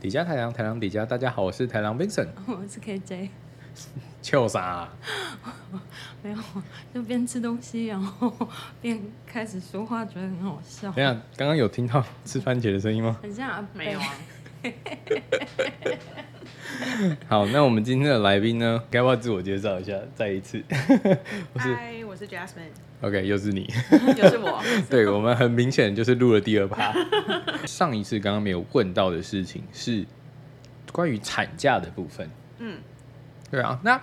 底加台郎，台郎底加大家好，我是台郎 Vincent，我是 KJ，笑啥？沒有，就邊吃東西，然後邊開始說話，覺得很好笑。等下，剛剛有聽到吃番茄的聲音嗎？好像沒有。 好，那我們今天的來賓呢，該不要自我介紹一下？再一次，嗨， 我是，是 Jasmine，OK、okay，又是你， 又是我， 對，我們很明顯就是錄了第二趴。 上一次剛剛沒有問到的事情是關於產假的部分，嗯，對啊，那誒、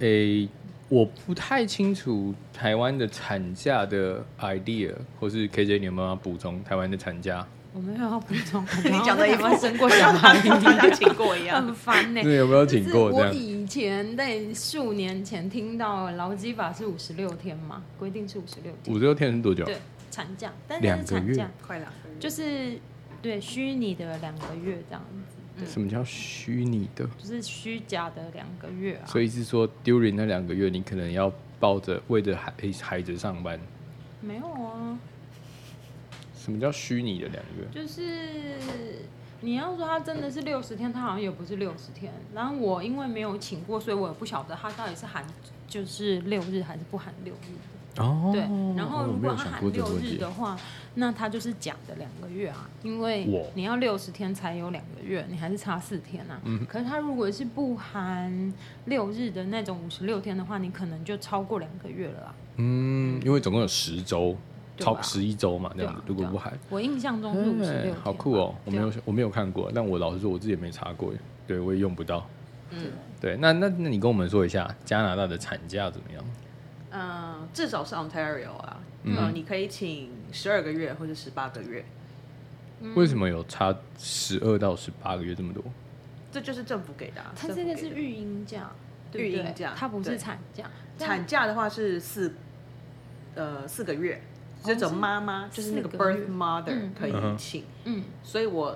欸，我不太清楚台灣的產假的 idea，或是 KJ，你有沒有要補充台灣的產假？我沒有要補充，我 跟你講的以有生過小孩一，你聽不聽過一樣？很煩呢、欸。對，有沒有請過？就是、我以前在四五年前聽到勞基法是五十六天嘛，規定是五十六天。五十六天是多久？對，產假，但是兩個月，快兩個月。就是對虛擬的兩個月這樣子。對，什麼叫虛擬的？就是虛假的兩個月啊！所以是說 during 那兩個月，你可能要抱着餵著孩孩子上班？沒有啊。什麼叫虛擬的兩個月？就是你要說他真的是六十天，他好像也不是六十天。然後我因為沒有請過，所以我也不曉得他到底是含，就是六日還是不含六日的。哦。對。然後如果他含六日的話，那他就是假的兩個月啊，因為你要六十天才有兩個月，你還是差四天啊。嗯。可是他如果是不含六日的那種五十六天的話，你可能就超過兩個月了啦。嗯，因為總共有十周。超十一週嘛，那樣子對、啊。如果不海、啊，我印象中是五、嗯、好酷哦、喔，我沒有、啊、我沒有看過，但我老實說我自己也沒查過耶，對我也用不到。嗯、對，那那那你跟我們說一下，加拿大的產假怎麼樣？嗯，至少是 Ontario 啊，嗯，你可以請十二個月或者十八個月、嗯。為什麼有差十二到十八個月這麼多、嗯？這就是政府給的、啊。它現在是育嬰假，育嬰假，它不是產假。產假的話是四，呃，四個月。這種媽媽就是那個 birth mother 個、嗯、可以請，嗯、uh -huh.，所以我，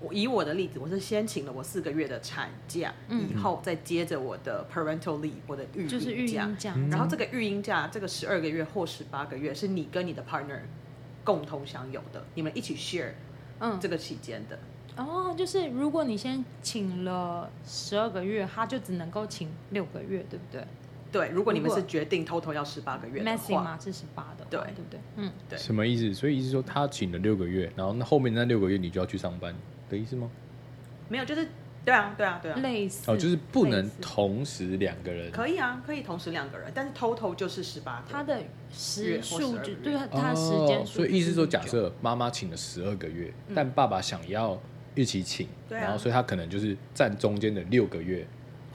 我我以我的例子，我是先請了我四個月的產假，嗯，以後再接着我的 parental leave，、嗯、我的育嬰假,、就是、假，然後這個育嬰假、嗯、這個十二個月或十八個月是你跟你的 partner 共同享有的，你們一起 share，嗯，這個期間的、嗯，哦，就是如果你先請了十二個月，他就只能夠請六個月，對不對？對，如果你們是決定 total 要十八個月的話，是十八的，對，對不對？嗯，對。什麼意思？所以意思說他請了六個月，然後那後面那六個月你就要去上班的意思嗎？沒有，就是對啊，對啊，對啊，類似哦，就是不能同時兩個人，可以啊，可以同時兩個人，但是 total 就是十八，他的時數據，對，他時間。所以意思是說，假設媽媽請了十二個月，嗯，但爸爸想要一起請，嗯，然後所以他可能就是佔中間的六個月。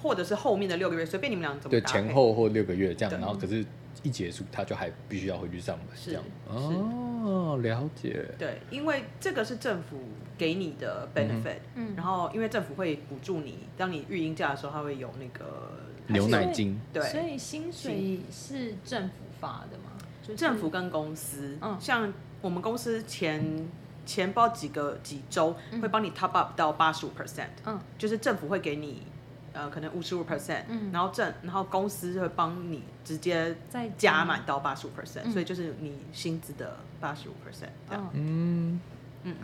或者是後面的六個月，隨便你們倆怎麼對前後或六個月這樣，然後可是一結束，他就還必須要回去上班。是這樣哦，了解。對，因為這個是政府給你的 benefit，嗯，然後因為政府會補助你，當你育嬰假的時候，他會有那個牛奶金，對，所以薪水是政府發的嘛，就是。政府跟公司，嗯，像我們公司前，嗯，前包幾個幾週，嗯，會幫你 top up 到八十五 percent，嗯，就是政府會給你。呃，可能五十五 percent，然後正，然後公司會幫你直接再加滿到八十五 percent，所以就是你薪資的八十五 percent，這樣。嗯嗯，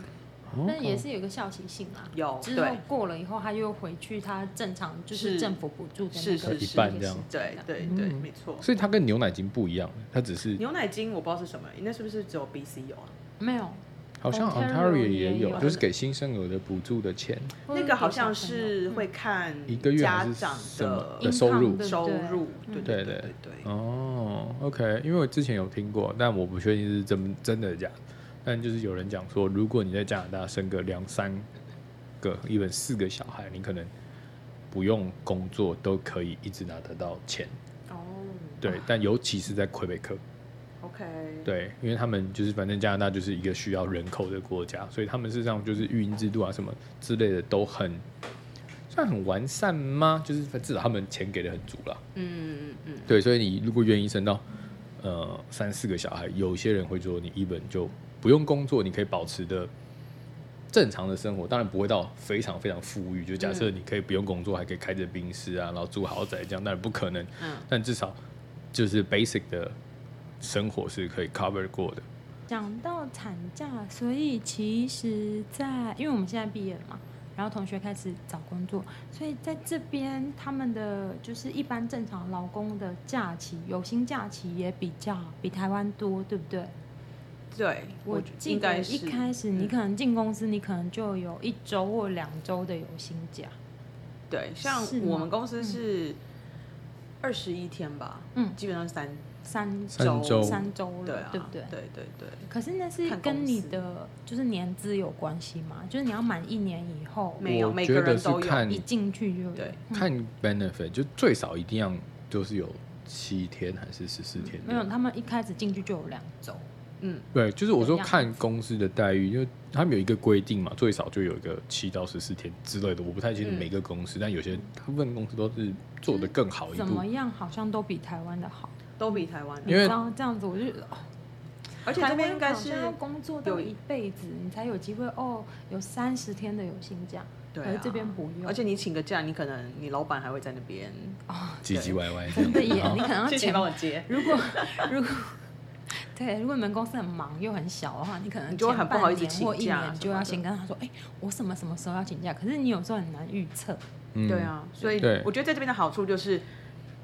嗯，那也是有個效期性嘛？有，哦，之後過了以後，他又回去，他正常就是政府補助的是是是一半這樣這樣，對對對，嗯，沒錯。所以它跟牛奶金不一樣，它只是牛奶金我不知道是什麼，那是不是只有 BC 有啊？沒有。好像 Ontario 也，哦、也有，就是給新生兒的補助的錢。那個好像是會看家長的，一個月的收入、嗯、收入，對對對對，對，對。哦，OK，因為我之前有聽過，但我不確定是真真的假。但就是有人講說，如果你在加拿大生個兩三個，一、嗯、本四個小孩，你可能不用工作都可以一直拿得到錢。哦，對，但尤其是在魁北克。Okay. 對，因為他們就是反正加拿大就是一個需要人口的國家，所以他們事實上，就是育嬰制度啊什麼之類的都很算很完善嗎？就是至少他們錢給的很足了。嗯嗯嗯嗯。對，所以你如果願意生到呃三四個小孩，有些人會說你一本就不用工作，你可以保持的正常的生活。當然不會到非常非常富裕，就假設你可以不用工作，mm -hmm. 還可以開着賓士啊，然後住豪宅這樣，當然不可能。嗯。但至少就是 basic 的。生活是可以 cover 過的。講到產假，所以其實在，在因為我們現在畢業了嘛，然後同學開始找工作，所以在這邊他們的就是一般正常勞工的假期，有薪假期也比較比台灣多，對不對？對，我記得應該一開始你可能進公司、嗯，你可能就有一周或兩周的有薪假。對，像我們公司是二十一天吧，嗯，基本上是三。嗯三周三周了對、啊，對不對？對,對對對。可是那是跟你的就是年資有關係嘛？就是你要滿一年以後，沒有我覺得是每個人都看一進去就有對、嗯。看 benefit 就最少一定要就是有七天還是十四天的、嗯？沒有，他們一開始進去就有兩周。嗯，對，就是我說看公司的待遇，因為他們有一個規定嘛，最少就有一個七到十四天之類的。我不太清楚每個公司，嗯、但有些部分公司都是做的更好一。一點。怎麼樣？好像都比台灣的好。都比台灣，然後這樣子我就，而且這邊應該是，應該是要工作到一輩子，你才有機會哦，有三十天的有薪假。對啊，是這邊不用，而且你請個假，你可能你老板還會在那邊哦，唧唧歪歪。真的耶，你可能要請幫 我接，如果如果對，如果你們公司很忙又很小的話，你可能你就很不好意思請假，你就要先跟他說，哎，我什麼什麼時候要請假、啊？可是你有時候很難預測。對啊，所以我覺得在這邊的好處就是。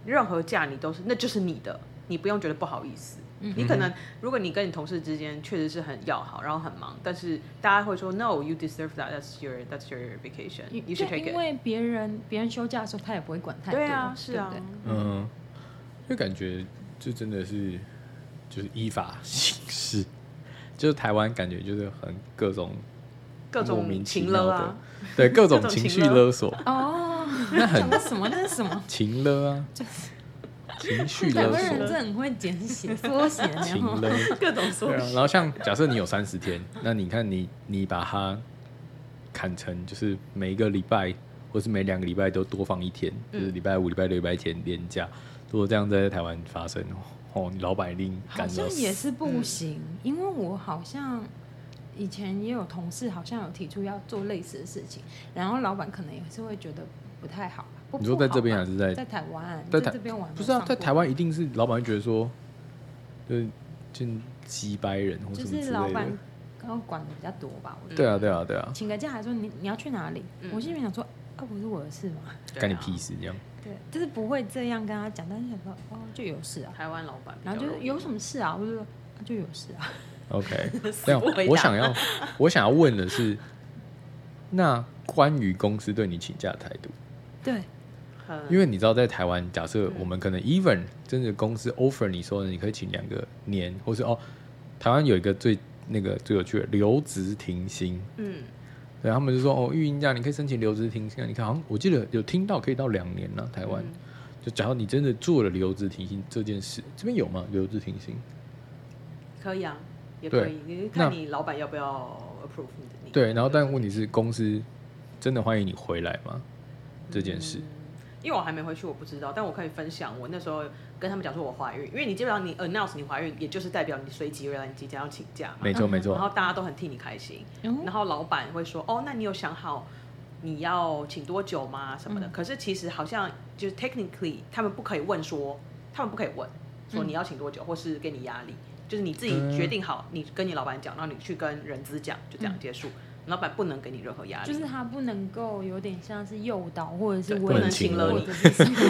任何假你都是，那就是你的，你不用覺得不好意思。嗯，你可能如果你跟你同事之間確實是很要好，然後很忙，但是大家會說 “No, you deserve that. That's your that's your vacation. You should take it.” 因為別人別人休假的時候，他也不會管太多。對啊，是啊，對對嗯，就感覺就真的是就是依法行事，就是台灣感覺就是很各種各種民情了啊。對各種情緒勒索，勒索哦，那很什麼？那是什麼？情勒啊，就是情緒勒索。台灣人真的很會簡寫縮寫情勒，各種說、啊。然後像假設你有三十天， 那你看你你把它砍成就是每一個禮拜或是每兩個禮拜都多放一天，嗯、就是禮拜五、禮拜六、禮拜天連假。如果這樣在台灣發生，哦、喔，你老板令好像也是不行，嗯、因為我好像。以前也有同事好像有提出要做類似的事情，然後老闆可能也是會覺得不太好，不好、啊、你說在這邊還是在在台灣，在，在這邊玩。不是啊，在台灣一定是老闆會覺得說，就幾百人，就是老闆跟我管的比較多吧、嗯。對啊，對啊，對啊，請個假還說你你要去哪裡？嗯、我心裡邊想說，啊，不是我的事嘛，干你屁事這樣。對，就是不會這樣跟他講，但是想說，哦，就有事啊，台灣老闆，然後就是、有什麼事啊，我就說、啊、就有事啊。OK， 這樣 我想要， 我想要問的是，那關於公司對你請假的態度，對，因為你知道在台灣，假設我們可能 even 真的公司 offer 你說你可以請兩個年，或是哦，台灣有一個最那個最有趣的留職停薪，嗯，對，他們就說哦，育嬰假你可以申請留職停薪，你看好像我記得有聽到可以到兩年呢？啊，台灣、嗯，就假如你真的做了留職停薪這件事，這邊有嗎？留職停薪，可以啊。也可以，你看你老闆要不要 approve 你的你。對，對對然後，但問題是公司真的歡迎你回來嗎？嗯、這件事，因為我還沒回去，我不知道。但我可以分享，我那時候跟他們講說，我懷孕，因為你基本上你 announce 你懷孕，也就是代表你隨即未來你即將要請假嘛。沒錯沒錯。然後大家都很替你開心，嗯、然後老闆會說，哦，那你有想好你要請多久嗎？什麼的？嗯、可是其實好像就是 technically 他們不可以問說，他們不可以問說你要請多久、嗯，或是給你壓力。就是你自己決定好，你跟你老板講、嗯，然後你去跟人資講，就這樣結束。嗯、老板不能給你任何壓力，就是他不能夠有點像是誘導或者是不能請了你，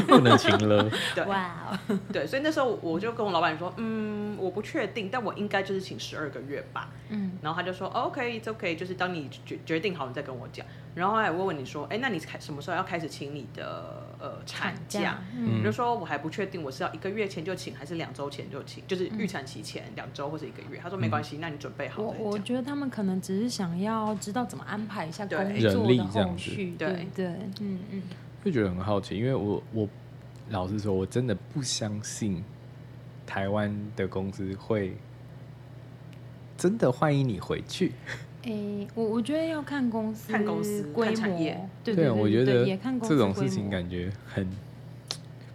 不能請了。就是、 不能請了 對哇、wow，對，所以那時候我就跟我老板說，嗯，我不確定，但我應該就是請十二個月吧。嗯，然後他就說、哦，OK，it's okay, OK，就是當你決決定好，你再跟我講。然後還問問你說，哎，那你開什麼時候要開始請你的？呃，產假，產假嗯、比如說，我還不確定我是要一個月前就請，還是兩週前就請，就是預產期前兩週或者一個月，嗯。他說沒關係，那你準備好了。我覺得他們可能只是想要知道怎麼安排一下工作的後續，對對，對，對，對，嗯，會覺得很好奇，因為我我老實說，我真的不相信台灣的公司會真的歡迎你回去。欸、我我覺得要看公司、看公司、看產業。對啊，我覺得這種事情感覺很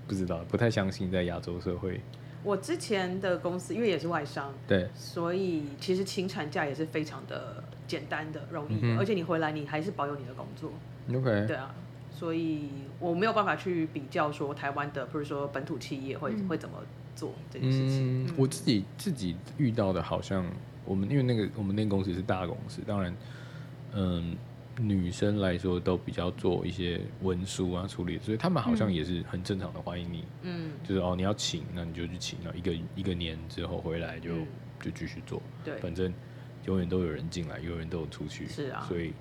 不知道，不太相信在亞洲社會。我之前的公司因為也是外商，對，所以其實請產假也是非常的簡單的、容易、嗯，而且你回來你還是保有你的工作。OK，對啊，所以我沒有辦法去比較說台灣的，譬如說本土企業會、嗯、會怎麼做這件事情、嗯嗯。我自己自己遇到的好像。我們因為那個我們那個公司是大公司，當然，嗯，女生來說都比較做一些文書啊處理，所以他們好像也是很正常的，歡迎你，嗯，嗯就是哦你要請，那你就去請，然後一個一個年之後回來就、嗯、就繼續做，對，反正永遠都有人進來，永遠都有出去，是啊，所以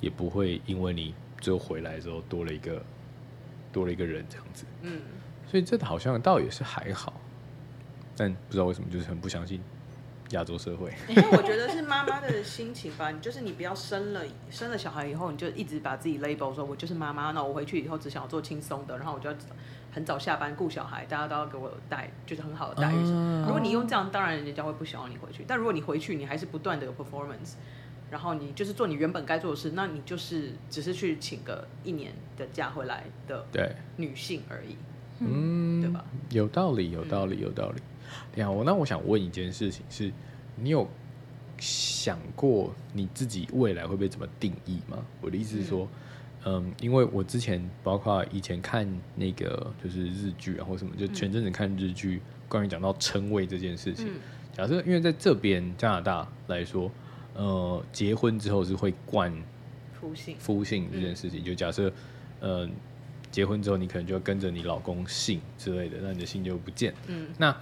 也不會因為你最後回來之後多了一個，多了一個人這樣子，嗯，所以這好像倒也是還好，但不知道為什麼就是很不相信。亞洲社會，因為我覺得是媽媽的心情吧。你就是你，不要生了生了小孩以後，你就一直把自己 label 說，我就是媽媽。那我回去以後只想要做輕鬆的，然後我就要很早下班顧小孩，大家都要給我帶，就是很好的待遇。嗯，如果你用這樣，當然人家會不想要你回去。但如果你回去，你還是不斷的有 performance，然後你就是做你原本該做的事，那你就是只是去請個一年的假回來的女性而已，嗯，對吧？有道理，有道理，有道理。呀，我那我想問一件事情是，你有想過你自己未來會被怎麼定義嗎？我的意思是說，嗯，嗯因為我之前包括以前看那個就是日劇，啊，或什麼，就前陣子看日劇，嗯，關於講到稱謂這件事情。嗯，假設因為在這邊加拿大來說，呃，結婚之後是會冠夫姓，夫姓這件事情，嗯，就假設，嗯，結婚之後你可能就要跟着你老公姓之類的，那你的姓就不見。嗯。那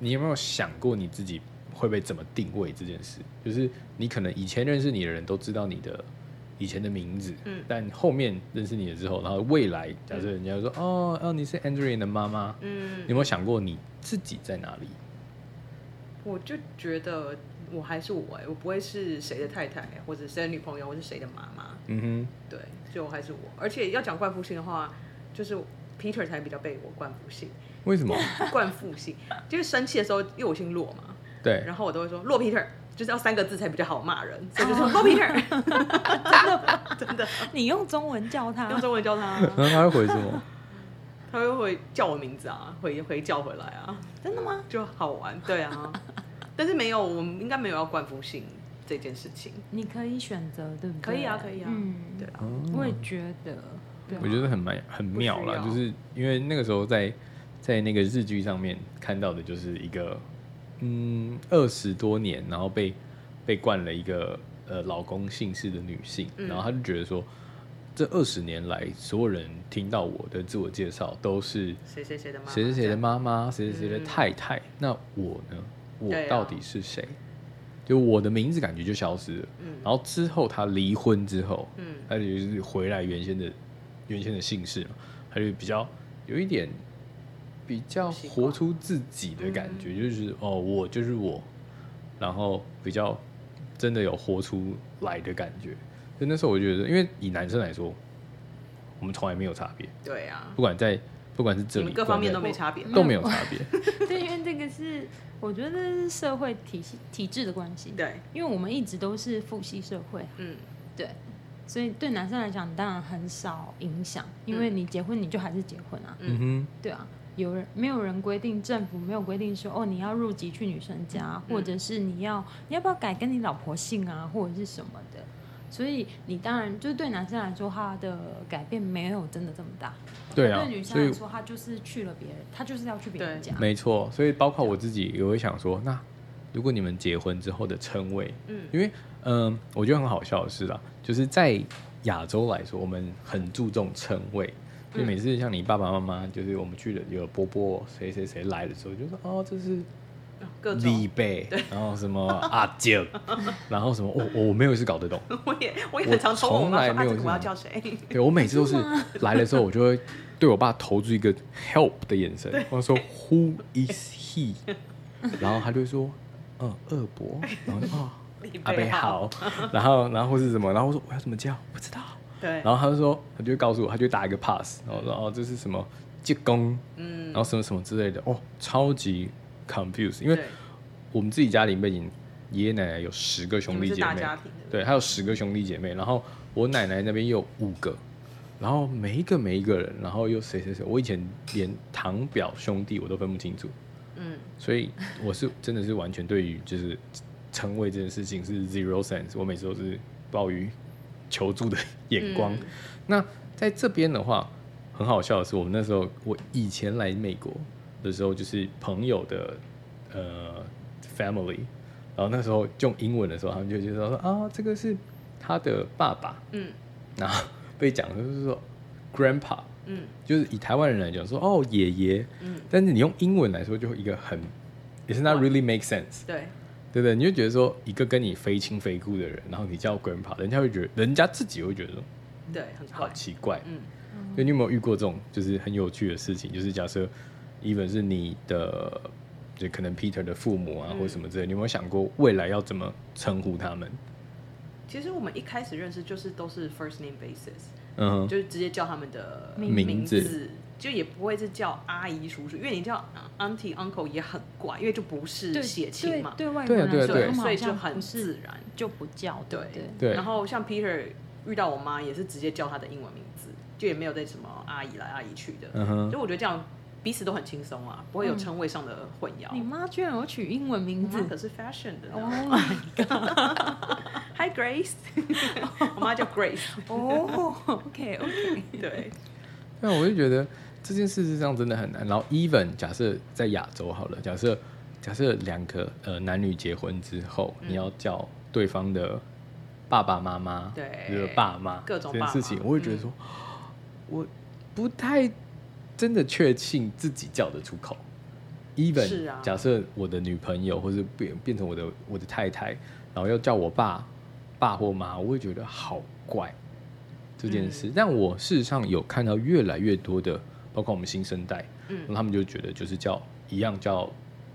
你有沒有想過你自己會被怎麼定位這件事？就是你可能以前認識你的人都知道你的以前的名字，嗯、但後面認識你了之後，然後未來假設人家說、嗯、哦，哦，你是 Andrew 的媽媽、嗯，你有沒有想過你自己在哪裡？我就覺得我還是我、欸，我不會是誰的太太，或者誰的女朋友，我是誰的媽媽，嗯哼，對，就我還是我。而且要講冠夫姓的話，就是 Peter 才比較被我冠夫姓。為什麼冠夫姓？就是生氣的時候，因為我姓洛嘛。對，然後我都會說洛 Peter，就是要三個字才比較好罵人，所以就說洛、oh、Peter。 真的，真的。你用中文叫他，用中文叫他、啊，那他會回什麼？ 他會回叫我名字啊，回回叫回來啊。真的嗎？就好玩，對啊。 但是沒有，我們應該沒有要冠夫姓這件事情。你可以選擇，對不對？可以啊，可以啊。嗯，對啊。我也覺得，對啊、我覺得很妙，很妙了。就是因為那個時候在。在那個日劇上面看到的就是一個，嗯，二十多年，然後被被冠了一個呃老公姓氏的女性，嗯、然後她就覺得說，這二十年來，所有人聽到我的自我介紹都是誰誰誰的媽媽，誰誰誰的媽媽，誰誰誰的太太、嗯，那我呢，我到底是誰、啊？就我的名字感覺就消失了。嗯、然後之後她離婚之後，嗯，她就是回來原先的原先的姓氏嘛，她就比較有一點。比較活出自己的感覺，嗯、就是哦，我就是我，然後比較真的有活出來的感覺。就那時候，我覺得，因為以男生來說，我們從來沒有差別。對啊，不管在不管是這裡各方面都沒差別，都沒有差別。 對，因為這個是我覺得是社會體系體制的關係。對，因為我們一直都是父系社會。嗯，對，所以對男生來講，當然很少影響，因為你結婚你就還是結婚啊。嗯哼，對啊。有人沒有人規定，政府沒有規定說哦，你要入籍去女生家，嗯、或者是你要你要不要改跟你老婆姓啊，或者是什麼的。所以你當然就是對男生來說，他的改變沒有真的這麼大。對啊。對女生來說，他就是去了別人，他就是要去別人家。沒錯，所以包括我自己也會想說，那如果你們結婚之後的稱謂，嗯，因為嗯、呃，我覺得很好笑的是啦，就是在亞洲來說，我們很注重稱謂。就每次像你爸爸媽媽，就是我們去了有伯伯誰誰誰來的時候，就說哦，這是李貝，然後什麼阿靜， 然後什麼我、哦哦、我沒有一次搞得懂，我也我也很常偷我，從來沒有、啊、我要叫誰？對，我每次都是來了之後，我就會對我爸投出一個 help 的眼神，我說 Who is he？ 然後他就會說嗯二伯，然後哦， 阿貝好 然，然後然後是什麼？然後我說我要怎麼叫？不知道。對，然後他就說，他就告訴我，他就打一個 pass，然後說、嗯哦，這是什麼繼公，嗯，然後什麼什麼之類的，哦，超級 confuse，因為我們自己家庭背景，爺爺奶奶有十個兄弟姐妹，對，他有十個兄弟姐妹，嗯，然後我奶奶那邊又有五個，然後每一個每一個人，然後又誰誰誰，我以前連堂表兄弟我都分不清楚，嗯，所以我是真的是完全對於就是稱謂這件事情是 zero sense，我每次都是鮑魚。求助的眼光，嗯、那在這邊的話，很好笑的是，我們那時候我以前來美國的時候，就是朋友的呃 family，然後那時候用英文的時候，他們就覺得說啊，這個是他的爸爸，嗯，然後被講就是說 grandpa，嗯，就是以台灣人來講說哦爺爺，嗯，但是你用英文來說，就一個很 it's not really make sense，對。對不對？你就覺得說，一個跟你非親非故的人，然後你叫 grandpa，人家會覺得，人家自己會覺得說，對，很對好奇怪，嗯，所以你有沒有遇過這種就是很有趣的事情？就是假設，even 是你的，就可能 Peter 的父母啊，嗯、或者什麼之類的，你有沒有想過未來要怎麼稱呼他們？其實我們一開始認識就是都是 first name basis，嗯，就是直接叫他們的名,名字。名字就也不會是叫阿姨叔叔，因為你叫 auntie uncle 也很怪，因為就不是血親嘛，對對，對外國人來說，對對對，所以就很自然，就不叫對，對對。然後像 Peter 遇到我媽也是直接叫她的英文名字，就也沒有在什麼阿姨來阿姨去的，所、uh、以 -huh. 我覺得這樣彼此都很輕鬆啊，不會有稱謂上的混淆。嗯、你媽居然有取英文名字，可是 fashion 的 oh.，Oh my god！Hi Grace， 我媽叫 Grace，哦、oh.，OK OK， 對。但我就覺得。這件事事實上真的很難。然後，even 假設在亞洲好了，假設假設兩個呃男女結婚之後、嗯，你要叫對方的爸爸媽媽，對，是是爸媽，各種爸爸這件事情，我會覺得說，我、嗯、不太真的確信自己叫得出口。even 假設我的女朋友、啊、或者變變成我的我的太太，然後要叫我爸爸或媽，我會覺得好怪這件事、嗯。但我事實上有看到越來越多的。包括我們新生代，嗯，他們就覺得就是叫一樣叫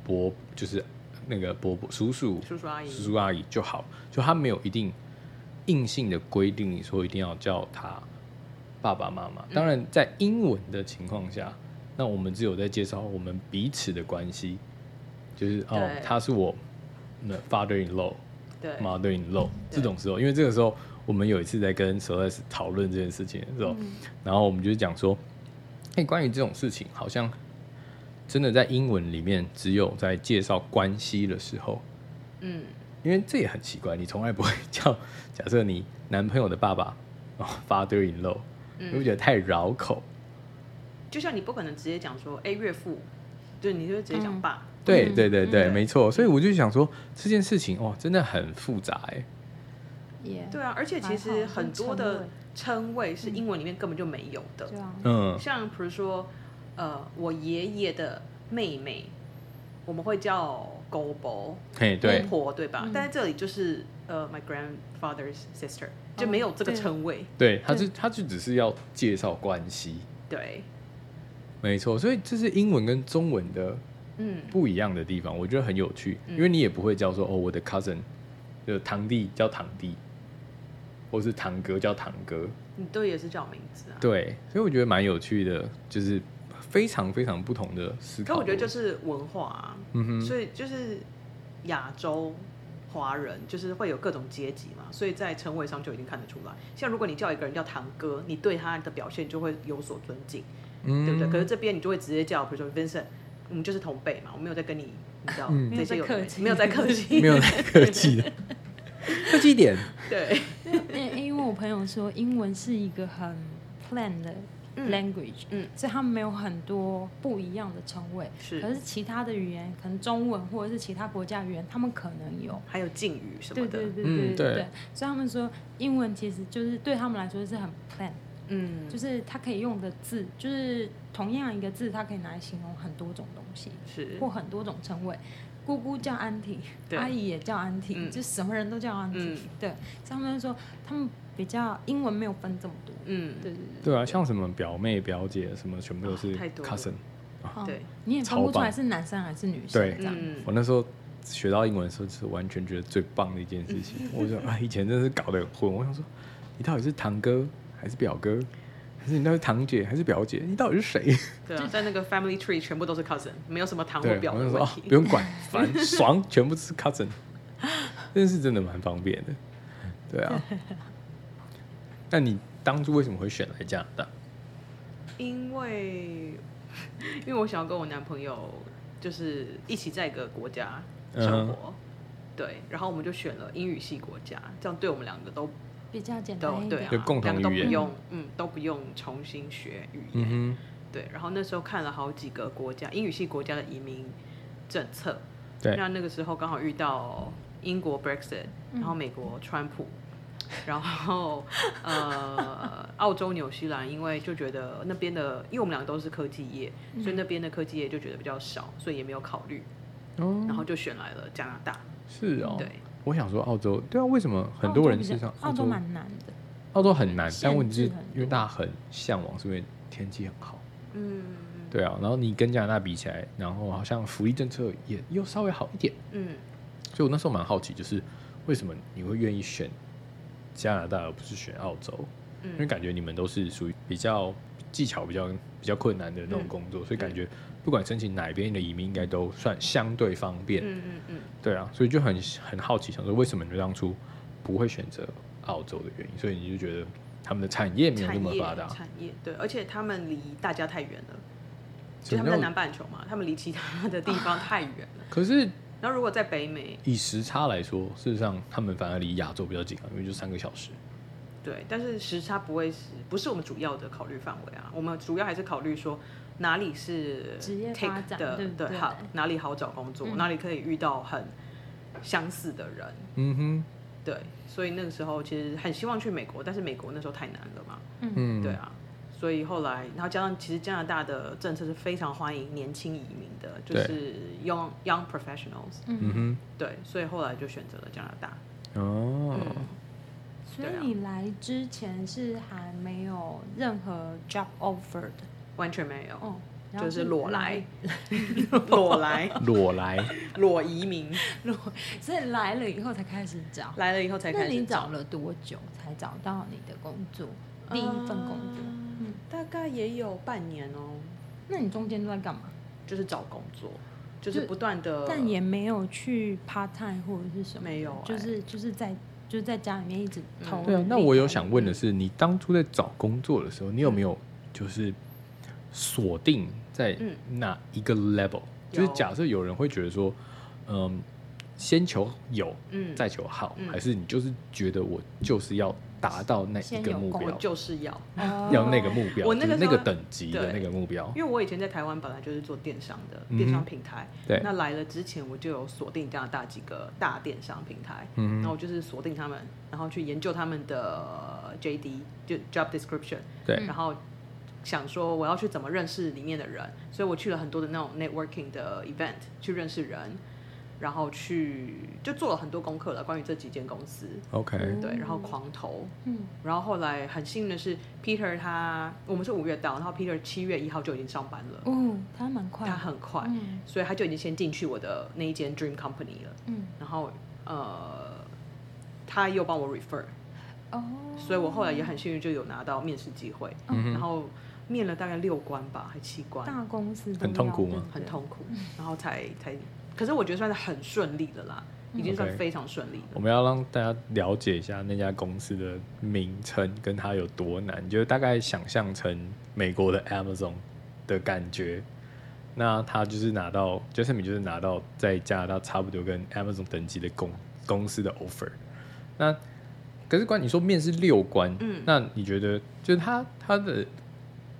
伯，就是那個伯伯叔叔叔叔阿姨叔叔阿姨就好，就他沒有一定硬性的規定，說一定要叫他爸爸媽媽。當然，在英文的情況下，嗯，那我們只有在介紹我們彼此的關係，就是哦，他是我的 father in law，對，mother in law，嗯，這種時候，因為這個時候我們有一次在跟 S S 討論這件事情的時候，嗯，然後我們就講說。哎、欸，關於這種事情，好像真的在英文裡面只有在介紹關係的時候，嗯，因為這也很奇怪，你從來不會叫假設你男朋友的爸爸、哦、，father in law，因、嗯、覺得太繞口。就像你不可能直接講說，哎、欸，岳父，對，你就是直接講爸、嗯。對對對對、嗯，沒錯。所以我就想說，嗯、這件事情哦，真的很複雜哎、欸。Yeah, 對啊，而且其實很多的稱謂是英文裡面根本就沒有的，嗯，像比如說，呃，我爺爺的妹妹，我們會叫姑婆，嘿，對，婆對吧、嗯？但在這裡就是呃，my grandfather's sister 就沒有這個稱謂、哦，對，他就他就只是要介紹關係，對，沒錯，所以這是英文跟中文的嗯不一樣的地方、嗯，我覺得很有趣，因為你也不會叫說哦，我的 cousin，就是堂弟叫堂弟。或是堂哥叫堂哥，嗯，對，也是叫我名字啊。對，所以我覺得蠻有趣的，就是非常非常不同的思考的。但我覺得就是文化、啊，嗯哼，所以就是亞洲華人就是會有各種階級嘛，所以在稱謂上就已經看得出來。像如果你叫一個人叫堂哥，你對他的表現就會有所尊敬，嗯、對不對？可是這邊你就會直接叫，比如說 Vincent，我、嗯、們就是同輩嘛，我沒有在跟你比較沒、嗯、有在客氣，沒有在客氣 的。 這幾點對， 因為因為我朋友說英文是一個很 plain 的 language，嗯，嗯，所以他們沒有很多不一樣的稱謂。可是其他的語言，可能中文或者是其他國家語言，他們可能有，還有敬語什麼的。對對對對對、嗯、對，對所以他們說英文其實就是對他們來說是很 plain 嗯，就是他可以用的字，就是同樣一個字，他可以拿來形容很多種東西，是或很多種稱謂。姑姑叫 Auntie，阿姨也叫 Auntie、嗯，就什麼人都叫 Auntie、嗯。對，他們說他們比較英文沒有分這麼多。嗯，對對對。對啊，像什麼表妹表姐什麼，全部都是 cousin 啊。啊，對，你也分不出來是男生還是女生對。對，我那時候學到英文的時候，是完全覺得最棒的一件事情。嗯、我就說啊，以前真的是搞得很混。我想說，你到底是堂哥還是表哥？是你那是堂姐還是表姐？你到底是誰？對啊，在那個 family tree 全部都是 cousin，沒有什麼堂或表的問題。對，我想說、哦、不用管，反正爽， 全部是 cousin，但是真的蠻方便的。對啊，那你當初為什麼會選來加拿大？因為因為我想要跟我男朋友就是一起在一個國家生活、嗯，對，然後我們就選了英語系國家，這樣對我們兩個都。比較簡單一點啊，對，兩個都不用嗯，嗯，都不用重新學語言、嗯，對。然後那時候看了好幾個國家英語系國家的移民政策，對。那那個時候剛好遇到英國 Brexit，然後美國川普，嗯、然後、 呃、澳洲、紐西蘭，因為就覺得那邊的，因為我們兩個都是科技業，嗯、所以那邊的科技業就覺得比較少，所以也沒有考慮、哦，然後就選來了加拿大。是哦，對。我想說，澳洲對啊，為什麼很多人身上澳洲蠻難的，澳洲很難，很但問題是，因為大家很嚮往，是因為天氣很好，嗯，對啊，然後你跟加拿大比起來，然後好像福利政策也又稍微好一點，嗯，所以我那時候蠻好奇，就是為什麼你會願意選加拿大而不是選澳洲？嗯、因為感覺你們都是屬於比較技巧比較比較困難的那種工作，嗯、所以感覺。不管申請哪邊的移民，應該都算相對方便。嗯嗯嗯，對啊，所以就很很好奇，想說為什麼你當初不會選擇澳洲的原因？所以你就覺得他們的產業沒有那麼發達？產業，產業對，而且他們離大家太遠了，所以就他們在南半球嘛，他們離其他的地方太遠了。啊，可是，那如果在北美，以時差來說，事實上他們反而離亞洲比較近啊，因為就三個小時。對，但是時差不會是不是我們主要的考慮範圍啊？我們主要還是考慮說。哪裡是職業 take 的業對，對，對，好？哪裡好找工作、嗯？哪裡可以遇到很相似的人？嗯哼，對。所以那個時候其實很希望去美國，但是美國那時候太難了嘛。嗯哼，對啊。所以後來，然後加上其實加拿大的政策是非常歡迎年輕移民的，就是 young young professionals。嗯哼，對。所以後來就選擇了加拿大。哦、嗯。所以你來之前是還沒有任何 job offer 的？完全沒有、哦，就是裸來，裸來，裸來， 裸移民，裸，所以來了以後才開始找，來了以後才開始找。那你找了多久才找到你的工作？嗯、第一份工作、嗯，大概也有半年哦。那你中間都在幹嘛？就是找工作，就是不斷的，但也沒有去 part time 或者是什麼，沒有，就是就是在就是、在家裡面一直投對、啊、那我有想問的是，你當初在找工作的時候，你有沒有就是？鎖定在哪一個 level？、嗯、就是假設有人會覺得說，嗯，先求有，嗯，再求好、嗯，還是你就是覺得我就是要達到那一個目標，我就是要、Oh. 要那個目標，我那個、就是、那個等級的那個目標。因為我以前在台灣本來就是做電商的電商平台，嗯、對，那來了之前我就有鎖定這樣大幾個大電商平台，嗯，然後我就是鎖定他們，然後去研究他們的 JD 就 job description，對，然後。想說我要去怎麼認識裡面的人，所以我去了很多的那種 networking 的 event 去認識人，然後去就做了很多功課了關於這幾間公司。OK，對，然後狂投，嗯，然後後來很幸運的是 Peter 他我們是五月到，然後 Peter 七月一號就已經上班了，嗯，他蠻快，他很快，嗯，所以他就已經先進去我的那一間 dream company 了，嗯，然後呃他又幫我 refer，哦，所以我後來也很幸運就有拿到面試機會，嗯，然後。面了大概六關吧，還七關。大公司很痛苦嗎？很痛苦，然後才才，可是我覺得算是很順利的啦，嗯，已經算非常順利了。Okay. 我們要讓大家了解一下那家公司的名稱，跟它有多難，就大概想象成美國的 Amazon 的感覺。那他就是拿到就是你就是拿到在加拿大差不多跟 Amazon 等級的公公司的 offer 那。那可是關你說面是六關，嗯，那你覺得就是他他的。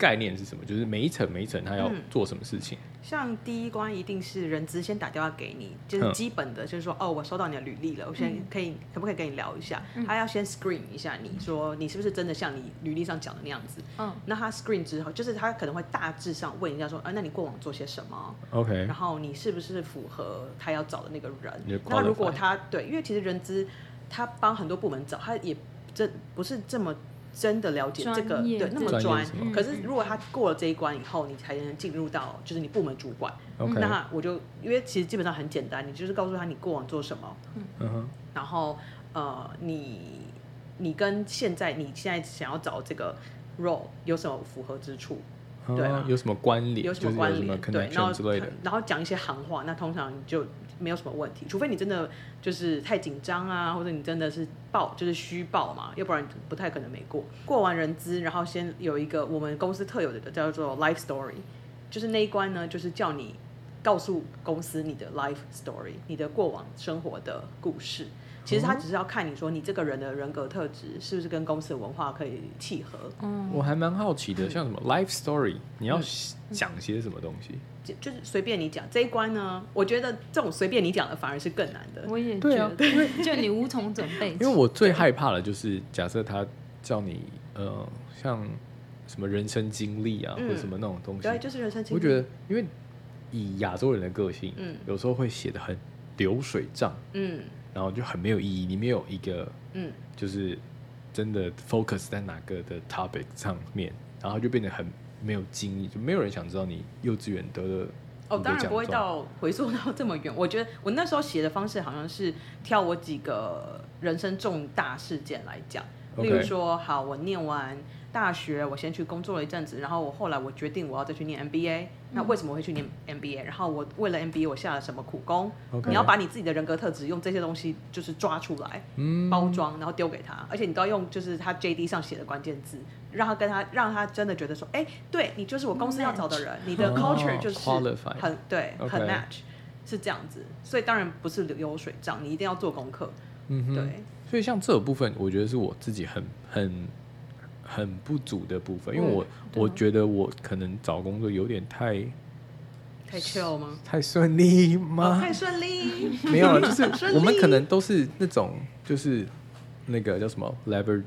概念是什麼？就是每一層每一層他要做什麼事情、嗯。像第一關一定是人資先打電話給你，就是基本的，就是說哦，我收到你的履歷了，我先可以、嗯、可不可以跟你聊一下？嗯、他要先 screen 一下，你說你是不是真的像你履歷上講的那樣子？嗯，那他 screen 之後，就是他可能會大致上問人家說，啊，那你過往做些什麼？OK，然後你是不是符合他要找的那個人？那如果他對，因為其實人資他幫很多部門找，他也這不是這麼。真的了解這個，對，那麼專。可是如果他過了這一關以後，你才能進入到就是你部門主管。嗯、那我就因為其實基本上很簡單，你就是告訴他你過往做什麼，嗯，然後呃你你跟現在你現在想要找這個 role 有什麼符合之處，嗯、對，有什麼關聯，有什麼關聯，就是、對，然後然後講一些行話，那通常你就。沒有什麼問題，除非你真的就是太緊張啊，或者你真的是報，就是虛報嘛，要不然不太可能沒過。過完人資，然後先有一個我們公司特有的叫做 life story，就是那一關呢，就是叫你告訴公司你的 life story，你的過往生活的故事。其實他只是要看你說你這個人的人格特質是不是跟公司的文化可以契合。嗯，我還蠻好奇的，像什麼、嗯、life story，、嗯、你要講些什麼東西？就就是隨便你講。這一關呢，我覺得這種隨便你講的反而是更難的。我也覺得，對啊、對，就你無從準備。 因為我最害怕的就是假設他叫你呃，像什麼人生經歷啊、嗯，或什麼那種東西。對，就是人生經歷。我覺得，因為以亞洲人的個性，嗯，有時候會寫得很流水賬，嗯。然後就很沒有意義，你沒有一個，嗯，就是真的 focus 在哪個的 topic 上面，嗯、然後就變得很沒有精力，就沒有人想知道你幼稚園得了。哦，當然不會到回溯到這麼遠。我覺得我那時候寫的方式好像是挑我幾個人生重大事件來講，Okay. 例如說，好，我念完。大學，我先去工作了一陣子，然後我後來我決定我要再去念 MBA、嗯。那為什麼會去念 MBA？然後我為了 MBA 我下了什麼苦功？你、okay. 要把你自己的人格特質用這些東西就是抓出來，嗯、包裝然後丟給他，而且你都要用就是他 JD 上寫的關鍵字，讓他跟他讓他真的覺得說，哎、欸，對你就是我公司要找的人，natch. 你的 culture 就是很、oh, 對很 match、okay. 是這樣子。所以當然不是流水賬，你一定要做功課。嗯哼，對。所以像這個部分，我覺得是我自己很很。很不足的部分，因為我、嗯、我覺得我可能找工作有點太太 chill 嗎？太順利嗎？哦、太順利， 沒有，就是我們可能都是那種就是那個叫什麼 labor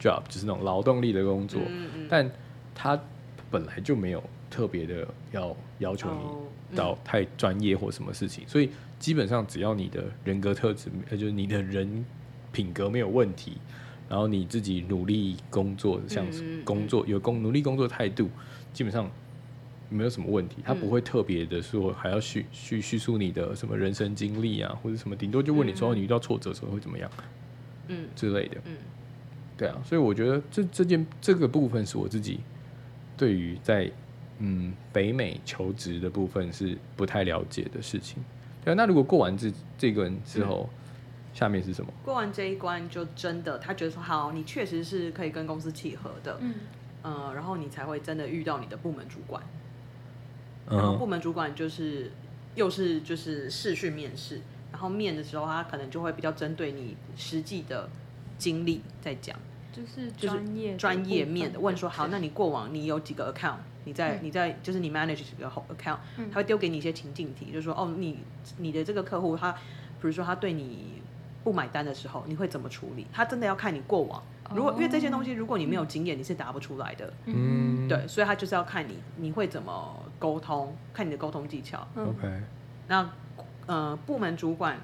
job，就是那種勞動力的工作、嗯嗯，但他本來就沒有特別的要要求你到太專業或什麼事情、哦嗯，所以基本上只要你的人格特質，就是你的人品格沒有問題。然後你自己努力工作，像是工作有工努力工作態度，基本上沒有什麼問題。他不會特別的說還要敘敘敘述你的什麼人生經歷啊，或者什麼，頂多就問你說，你遇到挫折的時候會怎麼樣，嗯之類的。對啊，所以我覺得這這件這個部分是我自己對於在嗯北美求職的部分是不太了解的事情。對啊，那如果過完這這關之後。下面是什麼？過完這一關，就真的他覺得說好，你確實是可以跟公司契合的。嗯、呃，然後你才會真的遇到你的部門主管。然後部門主管就是、Uh-huh. 又是就是視訊面試，然後面的時候，他可能就會比較針對你實際的經歷在講，就是專業專、就是、業面的問說好，嗯、那你過往你有幾個 account，你在、嗯、你在就是你 manage 幾個 account，、嗯、他會丟給你一些情境題，就說哦，你你的這個客戶他比如說他對你。不買單的時候，你會怎麼處理？他真的要看你過往。如果、oh. 因為這些東西，如果你沒有經驗、嗯，你是答不出來的。嗯、mm-hmm.，對，所以他就是要看你，你會怎麼溝通，看你的溝通技巧。OK，那呃，部門主管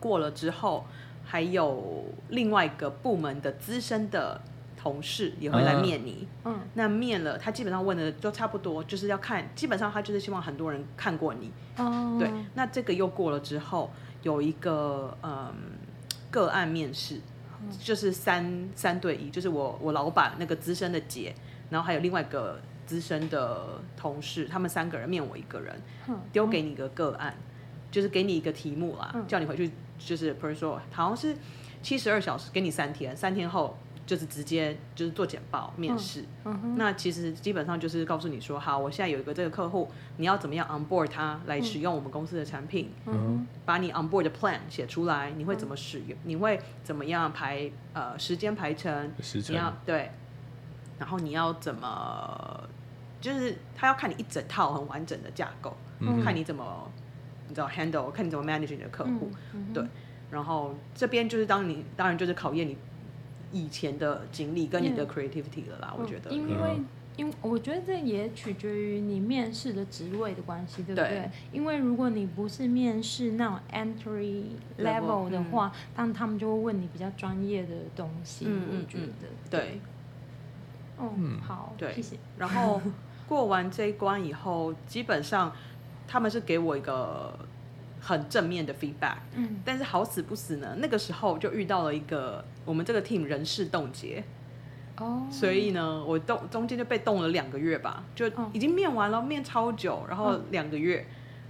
過了之後，還有另外一個部門的資深的同事也會來面你。嗯、uh-huh.，那面了，他基本上問的都差不多，就是要看，基本上他就是希望很多人看過你。Oh. 對，那這個又過了之後。有一個嗯個案面試，就是三三對一，就是我我老板那個資深的姐，然後還有另外一個資深的同事，他們三個人面我一個人，丟給你一個個案，嗯，就是給你一個題目啦，嗯，叫你回去就是 personal，好像是七十二小時，給你三天，三天後，就是直接就是做簡報面試，嗯嗯，那其實基本上就是告訴你說，好，我現在有一個這個客戶，你要怎麼樣 onboard 他來使用我們公司的產品，嗯、把你 onboard 的 plan 寫出來，你會怎麼使用，嗯、你會怎麼樣排呃時間排成，時程你要對，然後你要怎麼，就是他要看你一整套很完整的架構，嗯、看你怎麼你知道 handle，看你怎麼 manage 你的客戶，嗯嗯，對，然後這邊就是當你當然就是考驗你。以前的經歷跟你的 creativity 了啦，Yeah. Oh, 我覺得。因為，因為我覺得這也取決於你面試的職位的關係，對不對？對。因為如果你不是面試那種 entry level 的話，但、嗯、他們就會問你比較專業的東西。嗯、我覺得，對、嗯，嗯，對對 Oh, 嗯好對，謝謝。然後 過完這一關以後，基本上他們是給我一個。很正面的 feedback，嗯，但是好死不死呢，那個時候就遇到了一個我們這個 team 人事凍結，哦、oh.，所以呢，我動中間就被凍了兩個月吧，就已經面完了，oh. 面超久，然後兩個月，oh.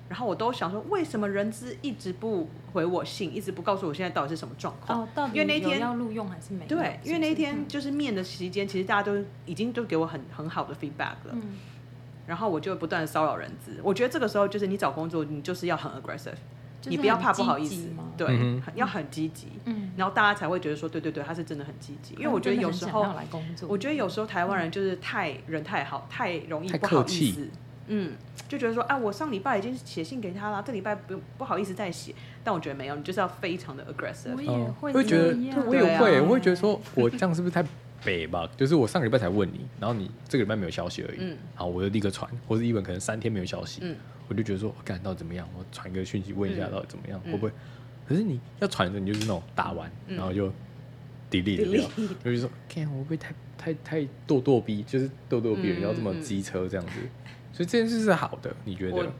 然後我都想說，為什麼人資一直不回我信，一直不告訴我現在到底是什麼狀況？Oh, 到底因為那天要錄用還是沒有對，因為那天就是面的時間、嗯，其實大家都已經都給我很很好的 feedback 了。嗯然後我就不斷的騷擾人資，我覺得這個時候就是你找工作，你就是要很 aggressive，很你不要怕不好意思，對、嗯，要很積極，嗯，然後大家才會覺得說，對對對，他是真的很積極，因為我覺得有時候我覺得有時候台灣人就是太、嗯、人太好，太容易不好意思，嗯，就覺得說，啊，我上禮拜已經寫信給他了，這禮拜不不好意思再寫，但我覺得沒有，你就是要非常的 aggressive，我也會、嗯、我會覺得，啊、我也會、欸，我會覺得說，我這樣是不是太？ 對吧，就是我上個禮拜才問你，然後你這個禮拜沒有消息而已。嗯、然好，我就立刻傳，或是一本可能三天沒有消息，嗯、我就覺得說，我感到怎麼樣？我傳個訊息問一下到底怎麼樣，嗯、會不會？可是你要傳的，你就是那種打完、嗯、然後就 delete 了，就是說，幹會不會太太太咄咄逼，就是咄咄逼人，嗯、要這麼機車這樣子？所以這件事是好的，你覺得？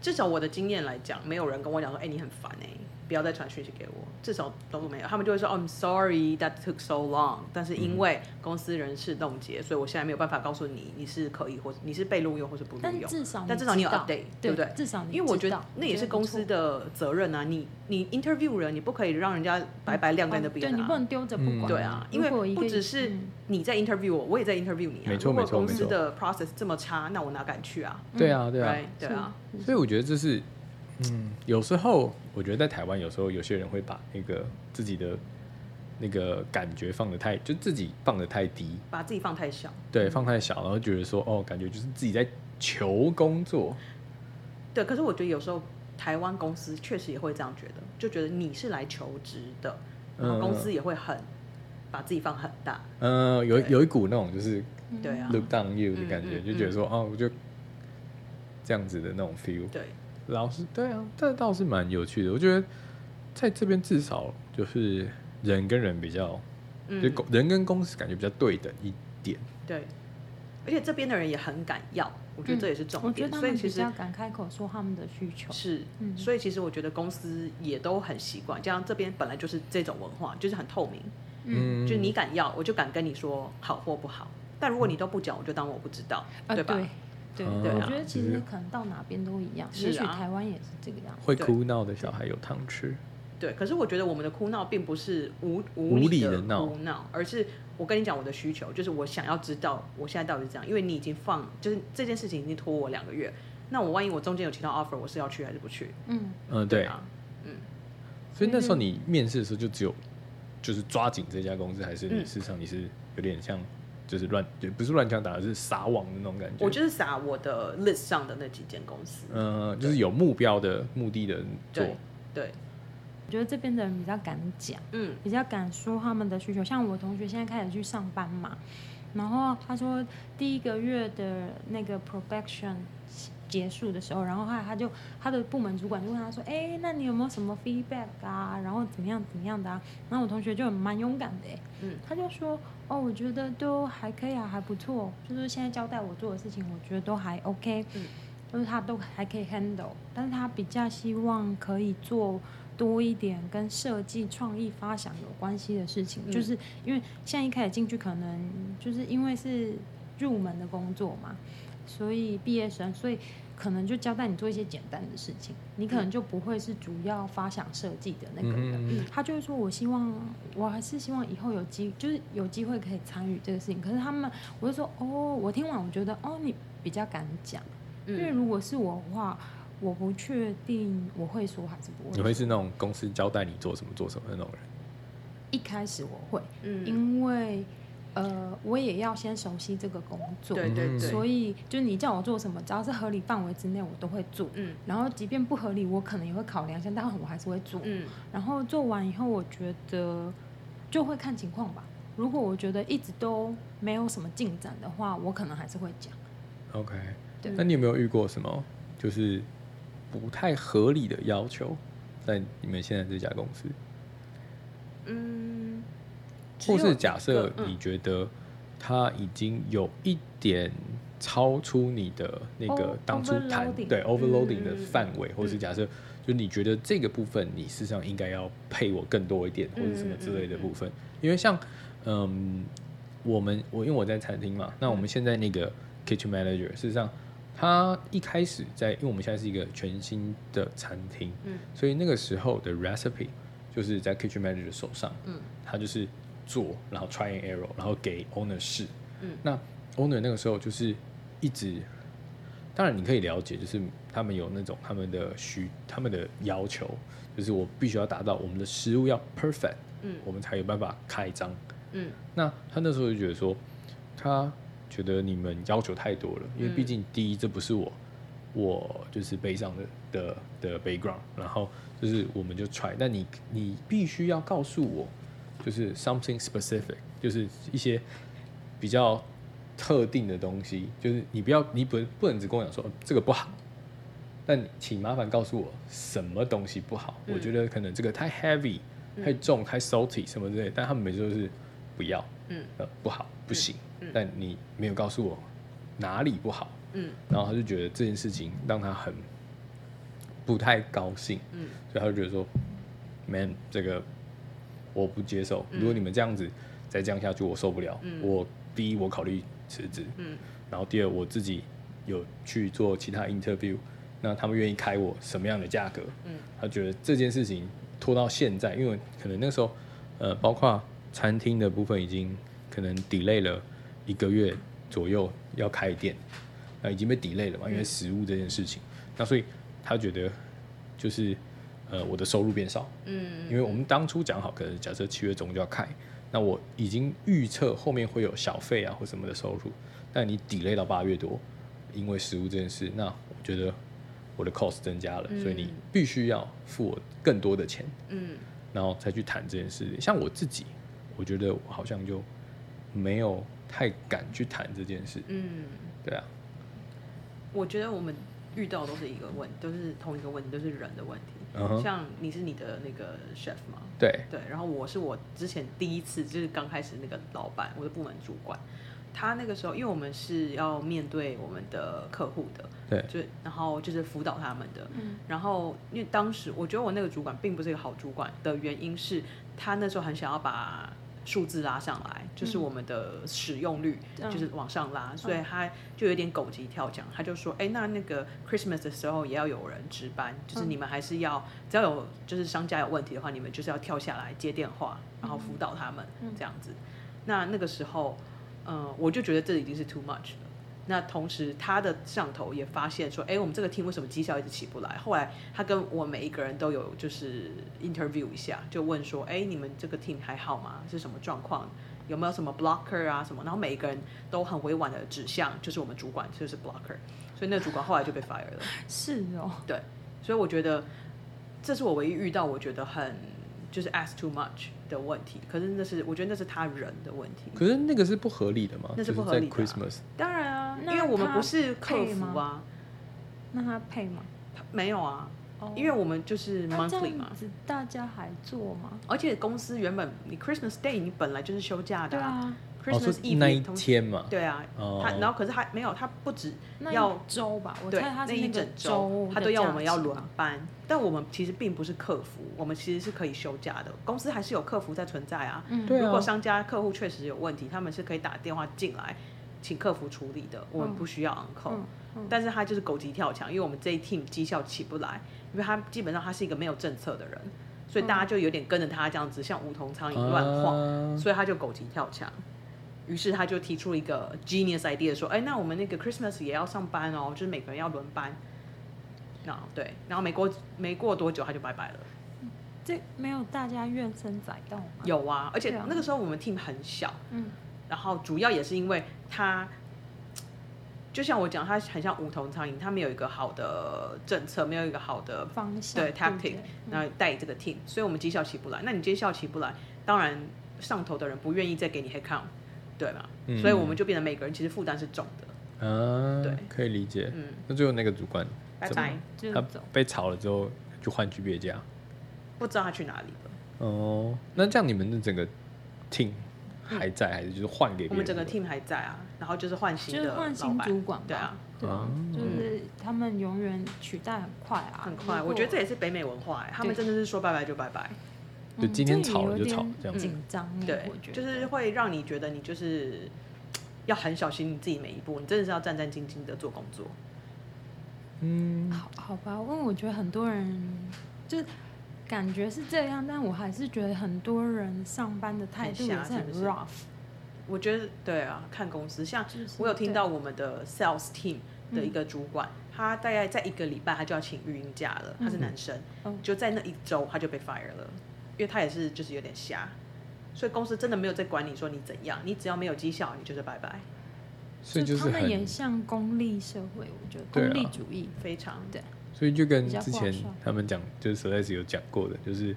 至少我的經驗來講，沒有人跟我講說，哎、欸，你很煩哎、欸。不要再傳訊息給我，至少都沒有，他們就會說、Oh，I'm sorry that took so long。但是因為公司人事凍結、嗯，所以我現在沒有辦法告訴你，你是可以或，或你是被錄用，或是不錄用。但至少你，至少你有 update，對不對，對？因為我覺得那也是公司的責任啊。你你 interview 人，你不可以讓人家白白晾在那邊，對你不能丟着不管。對啊、嗯，因為不只是你在 interview 我，嗯、我也在 interview 你啊。如果公司的 process、嗯、這麼差，那我哪敢去啊？嗯、對啊對啊對，對啊。所以我覺得這是。嗯，有時候我覺得在台灣，有時候有些人會把那個自己的那個感覺放得太，就自己放得太低，把自己放太小，對，放太小，然後覺得說、嗯、哦，感覺就是自己在求工作。對，可是我覺得有時候台灣公司確實也會這樣覺得，就覺得你是來求職的，然後公司也會很、嗯、把自己放很大。嗯、呃，有有一股那種就是對啊、嗯，look down you 的感覺，嗯嗯嗯嗯，就覺得說哦，我就這樣子的那種 feel。對。老師，對啊，這倒是蠻有趣的。我覺得，在這邊至少就是人跟人比較，嗯、人跟公司感覺比較對等一點。對，而且這邊的人也很敢要，我覺得這也是重點。嗯、所以其實要敢開口說他們的需求是、嗯，所以其實我覺得公司也都很習慣，加上這邊本來就是這種文化，就是很透明。嗯，就你敢要，我就敢跟你說好或不好。但如果你都不講，嗯、我就當我不知道，啊、對吧？對對、嗯、對、啊，我覺得其實可能到哪邊都一樣，啊、也許台灣也是這個樣子。會哭鬧的小孩有糖吃，對對對，對。可是我覺得我們的哭鬧並不是無無理的哭鬧，而是我跟你講我的需求，就是我想要知道我現在到底是怎樣，因為你已經放，就是這件事情已經拖我兩個月，那我萬一我中間有其他 offer，我是要去還是不去？嗯嗯，對啊，嗯。所以那時候你面試的時候就只有就是抓緊這家公司，還是你事實上你是有點像。就是亂，不是亂槍打，是撒網的那種感覺。我就是撒我的 list 上的那幾間公司。嗯、呃，就是有目標的對目的的做對。對，我覺得這邊的人比較敢講，嗯，比較敢說他們的需求。像我同學現在開始去上班嘛，然後他說第一個月的那個 probation 結束的時候，然後他他就他的部門主管就問他說：“哎、欸，那你有沒有什麼 feedback 啊？然後怎麼樣怎麼樣的啊？”然後我同學就很蠻勇敢的、欸，嗯，他就說。哦、oh，我覺得都還可以啊，還不錯。就是現在交代我做的事情，我覺得都還 OK。嗯，就是他都還可以 handle，但是他比較希望可以做多一點跟設計、創意、發想有關係的事情。嗯，就是因為現在一開始進去，可能就是因為是入門的工作嘛，所以畢業生，所以。可能就交代你做一些簡單的事情，你可能就不會是主要發想設計的那個人，嗯嗯嗯嗯。他就是說，我希望，我還是希望以後有機就是有機會可以參與這個事情。可是他們我就說哦，我聽完我覺得哦，你比較敢講、嗯，因為如果是我的話，我不確定我會說還是不會。你會是那種公司交代你做什麼做什麼的那種人？一開始我會，嗯、因為。呃，我也要先熟悉這個工作，對對對，所以就是你叫我做什麼，只要是合理範圍之內，我都會做。嗯，然後即便不合理，我可能也會考量一下，但我還是會做。嗯，然後做完以後，我覺得就會看情況吧。如果我覺得一直都沒有什麼進展的話，我可能還是會講。OK，那你有沒有遇過什麼就是不太合理的要求，在你們現在這家公司？嗯。或是假設你覺得他已經有一點超出你的那個當初談對 overloading 的範圍，或是假設就你覺得這個部分你事實上應該要配我更多一點，或者什麼之類的部分。因為像嗯，我們我因為我在餐廳嘛，那我們現在那個 kitchen manager 事實上他一開始在，因為我們現在是一個全新的餐廳，所以那個時候的 recipe 就是在 kitchen manager 手上，他就是。做，然後 try and error，然後給 owner 試。嗯，那 owner 那個時候就是一直，當然你可以了解，就是他們有那種他們的需，他們的要求，就是我必須要達到我們的食物要 perfect，嗯，我們才有辦法開張。嗯，那他那時候就覺得說，他覺得你們要求太多了，因為畢竟第一這不是我，嗯，我就是背上的的的 background，然後就是我們就 try，但你你必須要告訴我。就是 something specific，就是一些比較特定的東西。就是你不要，你不不能只跟我講說、呃、這個不好，但請麻煩告訴我什麼東西不好、嗯。我覺得可能這個太 heavy、太重、嗯、太 salty 什麼之類的。但他們每次都是不要，呃嗯、不好，不行。嗯、但你沒有告訴我哪裡不好、嗯，然後他就覺得這件事情讓他很不太高興，嗯、所以他就覺得說、嗯、man 這個。我不接受，如果你們這樣子、嗯、再這樣下去，我受不了。嗯、我第一，我考慮辭職。然後第二，我自己有去做其他 interview，那他們願意開我什麼樣的價格、嗯？他覺得這件事情拖到現在，因為可能那時候，呃，包括餐廳的部分已經可能 delay 了一個月左右要開店，那已經被 delay 了嘛，因為食物這件事情。嗯、那所以他覺得就是。呃，我的收入變少，嗯，因為我們當初講好，可能假設七月中就要開，那我已經預測後面會有小費啊或什麼的收入，但你 delay 到八月多，因為食物這件事，那我覺得我的 cost 增加了，嗯、所以你必須要付我更多的錢，嗯，然後再去談這件事。像我自己，我覺得我好像就沒有太敢去談這件事，嗯，對啊，我覺得我們遇到都是一個問題，都、就是同一個問題，都是人的問題。Uh-huh. 像你是你的那個 chef 嗎？對對，然後我是我之前第一次就是剛開始那個老闆，我的部門主管，他那個時候因為我們是要面對我們的客戶的，對，就然後就是輔導他們的，嗯，然後因為當時我覺得我那個主管並不是一個好主管的原因是他那時候很想要把數字拉上來，就是我們的使用率，嗯、就是往上拉，所以他就有點狗急跳牆，他就說：“哎、欸，那那個 Christmas 的時候也要有人值班，就是你們還是要，只要有就是商家有問題的話，你們就是要跳下來接電話，然後輔導他們、嗯、這樣子。”那那個時候，嗯、呃，我就覺得這已經是 too much 了。那同時，他的上頭也發現說，哎，我們這個 team 為什麼績效一直起不來？後來他跟我每一個人都有就是 interview 一下，就問說，哎，你們這個 team 還好嗎？是什麼狀況？有沒有什麼 blocker 啊什麼？然後每一個人都很委婉的指向，就是我們主管就是 blocker，所以那個主管後來就被 fire 了。是哦，對，所以我覺得這是我唯一遇到我覺得很就是 ask too much。的問題，可是那是我覺得那是他人的問題，可是那個是不合理的嗎？那是不合理的，啊就是在 Christmas。當然啊，因為我們不是客服啊，那他配嗎？沒有啊，oh, 因為我們就是 monthly 嘛，大家還做嗎？而且公司原本你 Christmas Day 你本來就是休假的啦，啊。就是 r 那一天嘛，對啊，他、oh. 然後可是還沒有，他不只要周吧？我猜他那，那一整周，他都要我們要輪班，但我們其實並不是客服，我們其實是可以休假的。公司還是有客服在存在啊。嗯、如果商家客戶確實有問題、嗯，他們是可以打電話進來，請客服處理的。我們不需要 uncle，、嗯嗯嗯、但是他就是狗急跳牆，因為我們這一 team 績效起不來，因為他基本上他是一個沒有政策的人，所以大家就有點跟着他這樣子，像無頭蒼蠅亂晃、嗯，所以他就狗急跳牆。於是他就提出了一個 genius idea，說：“哎，那我們那個 Christmas 也要上班哦，就是每個人要輪班。No, ”那對，然後沒過沒過多久他就拜拜了。這沒有大家怨聲載道嗎？有啊，而且、啊、那個時候我們 team 很小，嗯，然後主要也是因為他，就像我講，他很像無頭蒼蠅，他沒有一個好的政策，沒有一個好的方向對，對 tactic，、嗯、然後帶這個 team，所以我們績效起不來。那你績效起不來，當然上頭的人不願意再給你 head count。對嘛、嗯，所以我們就變成每個人其實負擔是重的啊。對，可以理解。嗯，那最後那個主管，拜拜，他被炒了之後就換去別家，不知道他去哪裡了。哦，那這樣你們的整個 team 還在，嗯、還是就是換給？我們整個 team 還在啊，然後就是換新的老板，就是換新主管，對啊，啊，就是他們永遠取代很快啊，嗯、很快。我覺得這也是北美文化、欸，哎，他們真的是說拜拜就拜拜。就今天吵了就吵了這、嗯，這樣緊張，對，就是會讓你覺得你就是要很小心你自己每一步，你真的是要戰戰兢兢的做工作。嗯，好，好吧，因為我覺得很多人就是感覺是這樣，但我還是覺得很多人上班的態度也很 rough、嗯啊。我覺得對啊，看公司，像我有聽到我們的 sales team 的一個主管，嗯、他大概在一個禮拜他就要請育嬰假了、嗯，他是男生，嗯、就在那一周他就被 fire 了。因為他也是，就是有點瞎，所以公司真的沒有在管你，說你怎樣，你只要沒有績效，你就是拜拜。所以他們也像功利社會，我覺得功利主義非常對。所以就跟之前他們講，就是 s l、啊嗯、有講過的，就是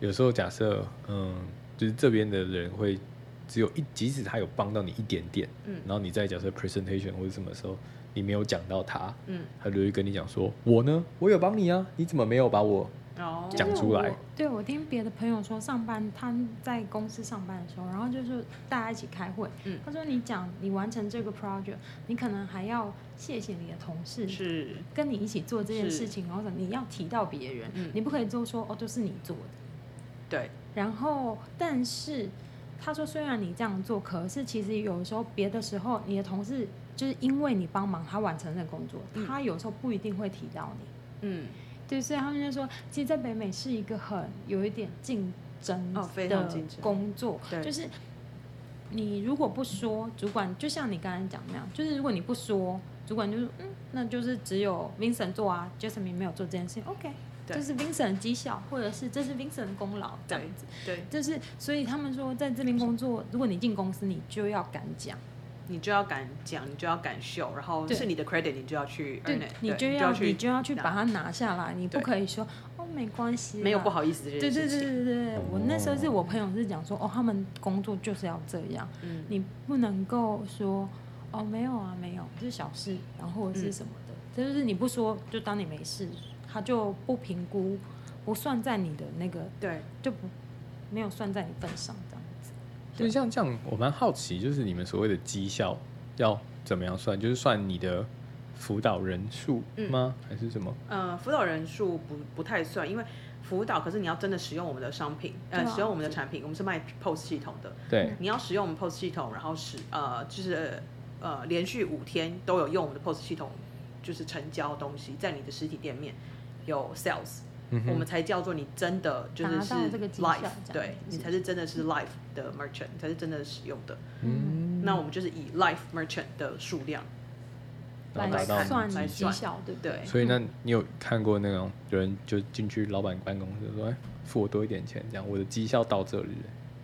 有時候假設，嗯，就是這邊的人會只有一，即使他有幫到你一點點，然後你在假設 presentation 或者什麼時候你沒有講到他，嗯，他就會跟你講說，我呢，我有幫你啊，你怎麼沒有把我？講、oh, 出來。對，我聽別的朋友說，上班他在公司上班的時候，然後就是大家一起開會。嗯、他說你講你完成這個 project，你可能還要謝謝你的同事，是跟你一起做這件事情，然後你要提到別人，你不可以就說哦，都，就是你做的。對。然後，但是他說，雖然你這樣做，可是其實有時候別的時候，你的同事就是因為你幫忙他完成那個工作，嗯、他有時候不一定會提到你。嗯。所以他們就說，其實，在北美是一個很有一點競爭的。哦，非常競爭。工作就是，你如果不說，主管就像你剛才講那樣，就是如果你不說，主管就是嗯，那就是只有 Vincent 做啊，Jasmine 沒有做這件事情，OK，對，這是 Vincent 的績效，或者是這是 Vincent 的功勞這樣子對。對，就是所以他們說，在這邊工作，如果你進公司，你就要敢講。你就要敢講，你就要敢秀，然後這是你的 credit，你就要去 earn it，對對，你就要，對你就要去，你就要去把它拿下來。你不可以說哦，沒關係，沒有不好意思，對對對對對，對我那時候是我朋友是講說哦，他們工作就是要這樣，嗯、你不能夠說哦，沒有啊，沒有，這是小事，然後是什麼的，這、嗯、就是你不說，就當你沒事，他就不評估，不算在你的那個對，就不沒有算在你份上。就像這樣，我蠻好奇，就是你們所謂的績效要怎麼樣算？就是算你的輔導人數嗎？嗯，還是什麼？呃，輔導人數不不太算，因為輔導可是你要真的使用我們的商品，呃，使用我們的產品，我們是賣 POS 系統的。對。你要使用我們 POS 系統，然後使呃，就是呃，連續五天都有用我們的 POS 系統，就是成交東西，在你的實體店面有 sales。嗯、我們才叫做你真的就是是 life，對，你才是真的是 life 的 merchant、嗯、才是真的使用的。嗯、那我們就是以 life merchant 的數量來算來算，來算來算的技巧對不對，對？所以那你有看過那種有人就進去老闆辦公室說、嗯，“哎，付我多一點錢，這樣我的績效到這裡，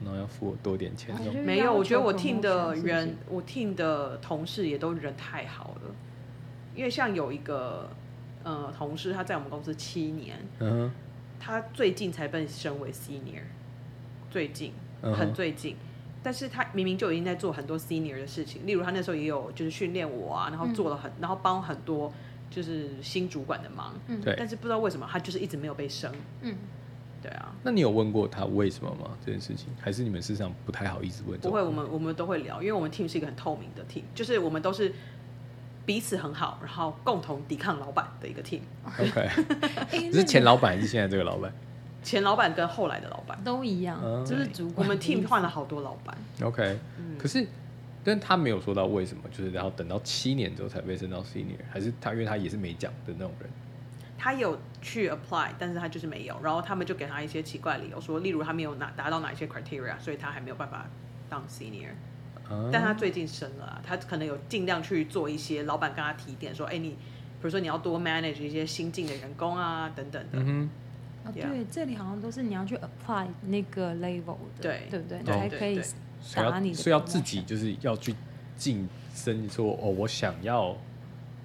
然後要付我多一點錢。”沒有，我覺得我聽的人謝謝，我聽的同事也都人太好了，因為像有一個。呃、嗯，同事他在我們公司七年，嗯、uh-huh. 他最近才被升為 senior，最近，uh-huh. 很最近，但是他明明就已經在做很多 senior 的事情，例如他那時候也有就是訓練我啊，然後做了很，嗯、然後幫很多就是新主管的忙，嗯，對，但是不知道為什麼他就是一直沒有被陞，嗯，對啊，那你有問過他為什麼嗎？這件事情還是你們事實上不太好意思問？不會，我們我們都會聊，因為我們 team 是一個很透明的 team，就是我們都是。彼此很好，然後共同抵抗老闆的一個 team。OK， 是前老闆還是現在這個老闆？ 前老闆跟後來的老闆都一樣，嗯、就是主管的意思。對，我們 team 換了好多老闆。OK、嗯、可是但他沒有說到為什麼，就是然後等到七年之後才被升到 senior，還是他因為他也是沒講的那種人。他有去 apply，但是他就是沒有，然後他們就給他一些奇怪的理由，說例如他沒有拿達到哪一些 criteria，所以他還沒有辦法當 senior。但他最近升了，啊，他可能有盡量去做一些，老闆跟他提點說，哎、欸，你，比如說你要多 manage 一些新進的員工啊，等等的。嗯、yeah. 哦、對，這裡好像都是你要去 apply 那個 level 的，對，對不對？你才可以打你，所以要自己就是要去晉升說，說哦，我想要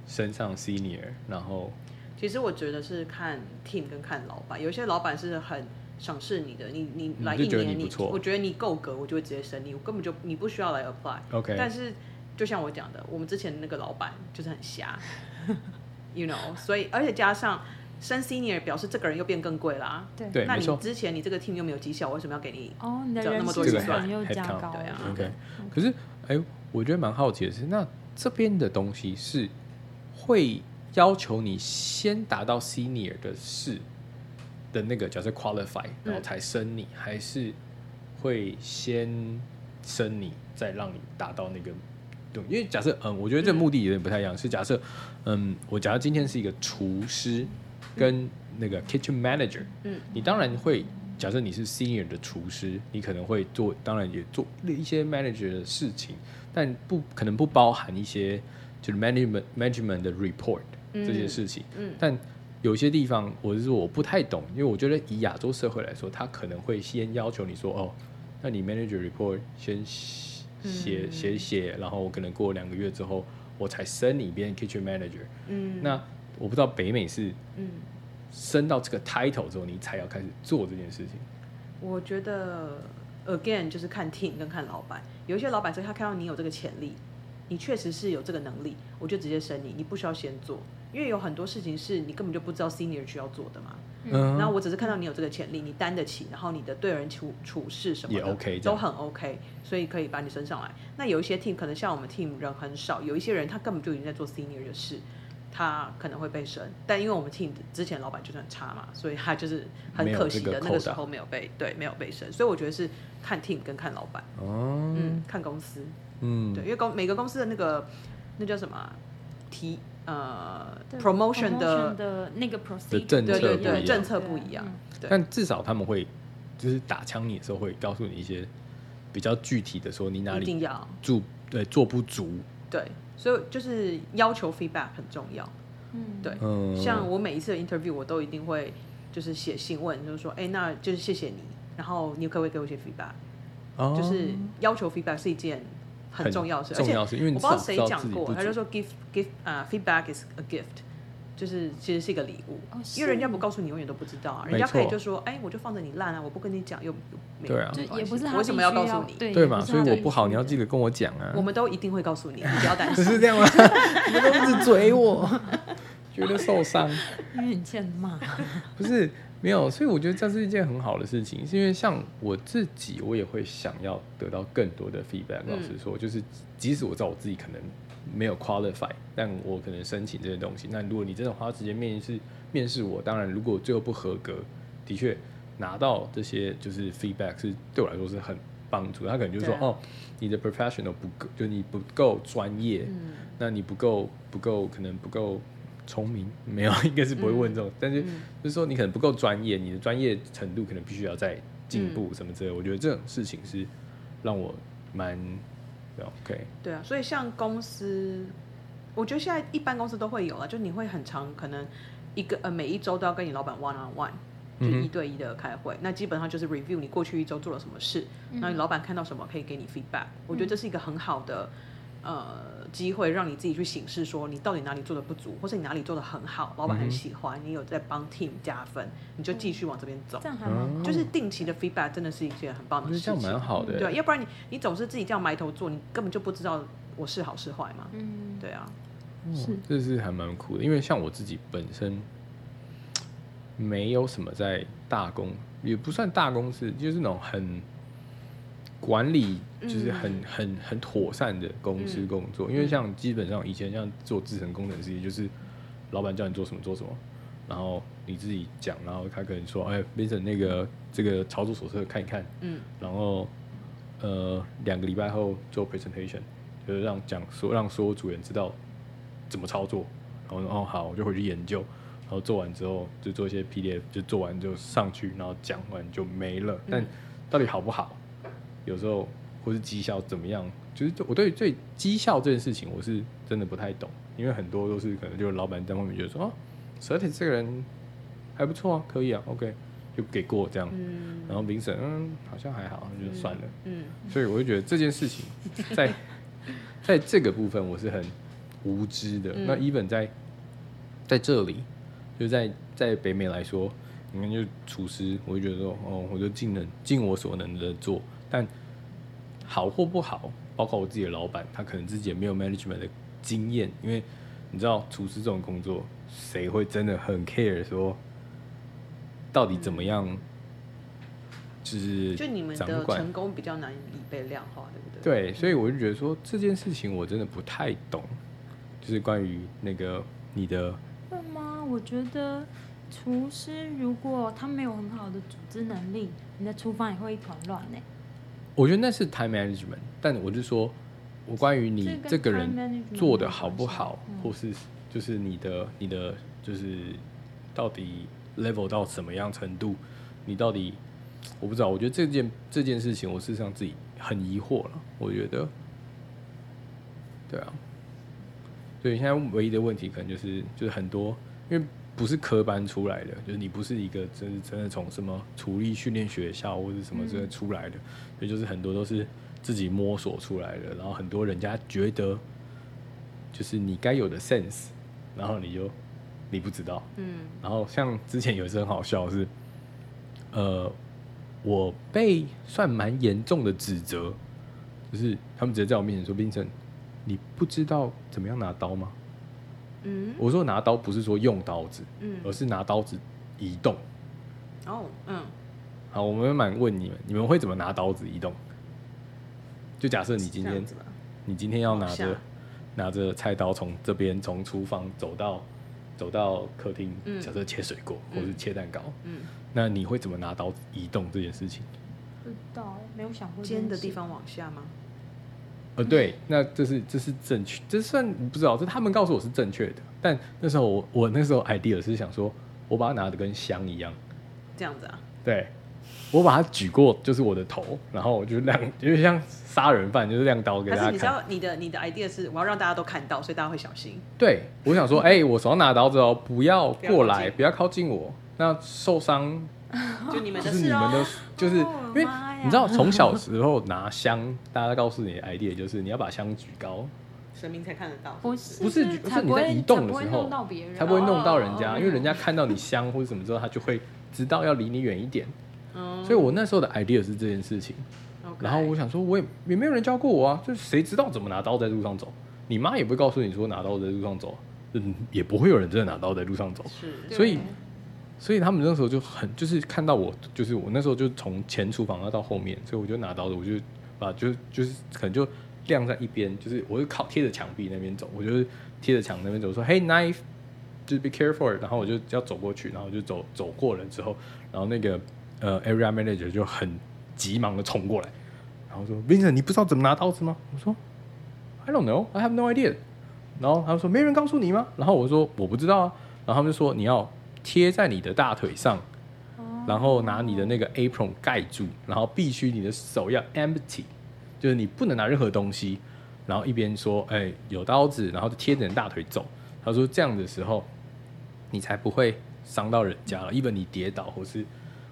升上 senior，然後。其實我覺得是看 team 跟看老闆，有些老闆是很。賞識你的，你你來一年，嗯、你，你我覺得你夠格，我就會直接升你，我根本就你不需要來 apply。OK。但是就像我講的，我們之前那個老闆就是很瞎 ，You know。所以，而且加上升 senior 表示這個人又變更貴啦。對，那你之前你這個 team 又沒有績效，我為什麼要給你？哦，你這樣那麼多預算又這樣高。OK, okay.。可是，哎，我覺得蠻好奇的是，那這邊的東西是會要求你先達到 senior 的是？的那個假設 qualify，然後才升你，嗯，還是會先升你，再讓你達到那個，對，因為假設，嗯，我覺得這個目的也有點不太一樣，嗯、是假設，嗯，我假設今天是一個廚師，跟那個 kitchen manager，嗯，你當然會假設你是 senior 的廚師，你可能會做，當然也做一些 manager 的事情，但不可能不包含一些就是 management management 的 report，嗯、這些事情，嗯，但。有些地方我是說我不太懂，因為我覺得以亞洲社會來說，他可能會先要求你說哦，那你 manager report 先寫寫寫，然後我可能過兩個月之後我才升你變 kitchen manager。嗯，那我不知道北美是嗯升到這個 title 之後你才要開始做這件事情。我覺得 again 就是看 team 跟看老闆，有一些老闆所以他看到你有這個潛力，你確實是有這個能力，我就直接升你，你不需要先做。因為有很多事情是你根本就不知道 senior 需要做的嘛，嗯，然、嗯、後我只是看到你有這個潛力，你擔得起，然後你的對人處處事什麼都很 OK，都很 OK，所以可以把你升上來。那有一些 team 可能像我們 team 人很少，有一些人他根本就已經在做 senior 的事，他可能會被升，但因為我們 team 之前老板就是很差嘛，所以他就是很可惜的那個時候沒有被沒有對沒有被升，所以我覺得是看 team 跟看老板，哦，嗯，看公司，嗯，對，因為公每個公司的那個那叫什麼提。呃 Promotion，promotion 的的那個 procedure 的對對政策不一樣，對對不一樣對對對對，但至少他們會就是打槍你的時候會告訴你一些比較具體的，說你哪裡一定要做對做不足，對，所以就是要求 feedback 很重要，嗯，對，像我每一次的 interview 我都一定會就是寫信問，就是說哎，那就是謝謝你，然後你可不可以給我一些 feedback？、哦、就是要求 feedback 是一件。很重要，很重要，而且我不知道誰講過，他就說 give give 啊、uh, feedback is a gift，就是其實是一個禮物，oh, so. 因為人家不告訴你，永遠都不知道、啊，人家可以就說，哎、欸，我就放着你爛啊，我不跟你講又對啊，就也不是我為什麼要告訴你對，對嘛？所以我不好，你要記得跟我講啊，我們都一定會告訴你，你不要擔心，只 是這樣嗎？ 你們都一直嘴我， 覺得受傷，你欠罵， 不是。沒有，所以我覺得這是一件很好的事情，是因為像我自己，我也會想要得到更多的 feedback。老實說、嗯，就是即使我知道我自己可能沒有 qualify，但我可能申請這些東西。那如果你真的花時間面試面試我，當然如果最後不合格，的確拿到這些就是 feedback 是對我來說是很幫助。他可能就是說、啊、哦，你的 professional 不夠，就你不夠專業，嗯、那你不夠不夠可能不夠。聰明沒有，應該是不會問這種、嗯，但是就是說你可能不夠專業，你的專業程度可能必須要再進步什麼之類的、嗯。我覺得這種事情是讓我蠻 OK。對啊，所以像公司，我覺得現在一般公司都會有啊，就你會很常可能一個呃每一周都要跟你老板 one on one，就一對一的開會、嗯，那基本上就是 review 你過去一周做了什麼事，那、嗯、你老板看到什麼可以給你 feedback，我覺得這是一個很好的。嗯呃，機會讓你自己去省視，說你到底哪裡做的不足，或是你哪裡做的很好，老闆很喜歡、嗯、你，有在幫 team 加分，你就繼續往這邊走、嗯，這樣還蠻好，就是定期的 feedback，真的是一件很棒的事情，這樣蠻好的，對，要不然你你總是自己這樣埋頭做，你根本就不知道我是好是壞嘛，嗯，對啊，是、哦，這是還蠻酷的，因為像我自己本身沒有什麼在大公，也不算大公司，就是那種很管理。就是很很很妥善的公司工作、嗯，因為像基本上以前像做制成工程師，就是老闆叫你做什麼做什麼，然後你自己講，然後他可能說：“哎、欸，變成那個這個操作手冊看一看。”嗯，然後呃，兩個禮拜後做 presentation，就是讓講說讓所有組員知道怎麼操作。然後哦好，我就回去研究，然後做完之後就做一些 PDF，就做完就上去，然後講完就沒了、嗯。但到底好不好？有時候。或是績效怎麼樣？就是我對最績效這件事情，我是真的不太懂，因為很多都是可能就是老闆在外面覺得說哦 s a 這個人還不錯啊，可以啊，OK 就給過我這樣。嗯、然後 Vincent 嗯好像還好，就算了嗯。嗯，所以我就覺得這件事情在在這個部分我是很無知的。嗯、那伊本在在這裡，就在在北美來說，你們就廚師，我就覺得說哦，我就盡能盡我所能的做，但。好或不好，包括我自己的老板，他可能自己也沒有 management 的經驗，因為你知道，廚師這種工作，誰會真的很 care 說到底怎麼樣？就是就你們的成功比較難以被量化，對不對？對，所以我就覺得說這件事情我真的不太懂，就是關於那個你的，對嗎？我覺得廚師如果他沒有很好的組織能力，你的廚房也會一團亂呢。我覺得那是 time management，但我就說，我關於你這個人做得好不好，或是就是你的你的就是到底 level 到什麼樣程度，你到底我不知道。我覺得這件這件事情，我事實上自己很疑惑了。我覺得，對啊，所以現在唯一的問題可能就是就是很多，因為。不是科班出來的，就是你不是一個真真的從什麼廚藝訓練學校或者什麼之類出來的，所、嗯、以就是很多都是自己摸索出來的。然後很多人家覺得，就是你該有的 sense，然後你就你不知道。嗯。然後像之前有一次很好笑是，呃，我被算蠻嚴重的指責，就是他們直接在我面前說 Vincent、嗯，你不知道怎麼樣拿刀嗎？”嗯，我說拿刀不是說用刀子，嗯，而是拿刀子移動。哦，嗯，好，我們蠻問你們，你們會怎麼拿刀子移動？就假設你今天，你今天要拿着拿着菜刀從這邊從廚房走到走到客廳，假設切水果，嗯，或者切蛋糕，嗯，那你會怎麼拿刀子移動這件事情？不知道，沒有想過，尖的地方往下嗎？呃、哦，對，那這是這是正確，這算不知道，這他們告訴我是正確的。但那時候我我那時候 idea 是想說，我把它拿的跟香一樣，這樣子啊？對，我把它舉過就是我的頭，然後我就亮，因為像殺人犯就是亮刀給大家看。但是你知道你的你的 idea 是我要讓大家都看到，所以大家會小心。對，我想說，哎、嗯欸，我手上拿刀子哦，不要過來，不要靠近，不要靠近我，那受傷。就,啊、 就是你們的，就是因為你知道，從小時候拿香，大家告訴你的 idea 就是你要把香舉高， 神明才看得到。不是不是，不是你在移動的時候才不會弄到別人啊，才不會弄到人家，因為人家看到你香或者什麼之後，他就會知道要離你遠一點。所以我那時候的 idea 是這件事情。然後我想說，我也也沒有人教過我啊，就是誰知道怎麼拿刀在路上走？你媽也不會告訴你說拿刀在路上走，嗯，也不會有人真的拿刀在路上走。是，所以。所以他們那時候就很就是看到我，就是我那時候就從前廚房到到後面，所以我就拿刀子，我就把就就是可能就晾在一邊，就是我就靠貼着牆壁那邊走，我就貼着牆那邊走，我說：“Hey knife，就是 be careful。”然後我就要走過去，然後就走走過了之後，然後那個呃、uh, area manager 就很急忙的衝過來，然後說：“Vincent，你不知道怎麼拿刀子嗎？”我說：“I don't know, I have no idea。”然後他們說：“沒人告訴你嗎？”然後我說：“我不知道啊。”然後他們就說：“你要。”貼在你的大腿上，然後拿你的那個 apron 蓋住，然後必須你的手要 empty，就是你不能拿任何東西，然後一邊說，哎、欸，有刀子，然後就貼着你大腿走。他說這樣的時候，你才不會傷到人家了，even 你跌倒或是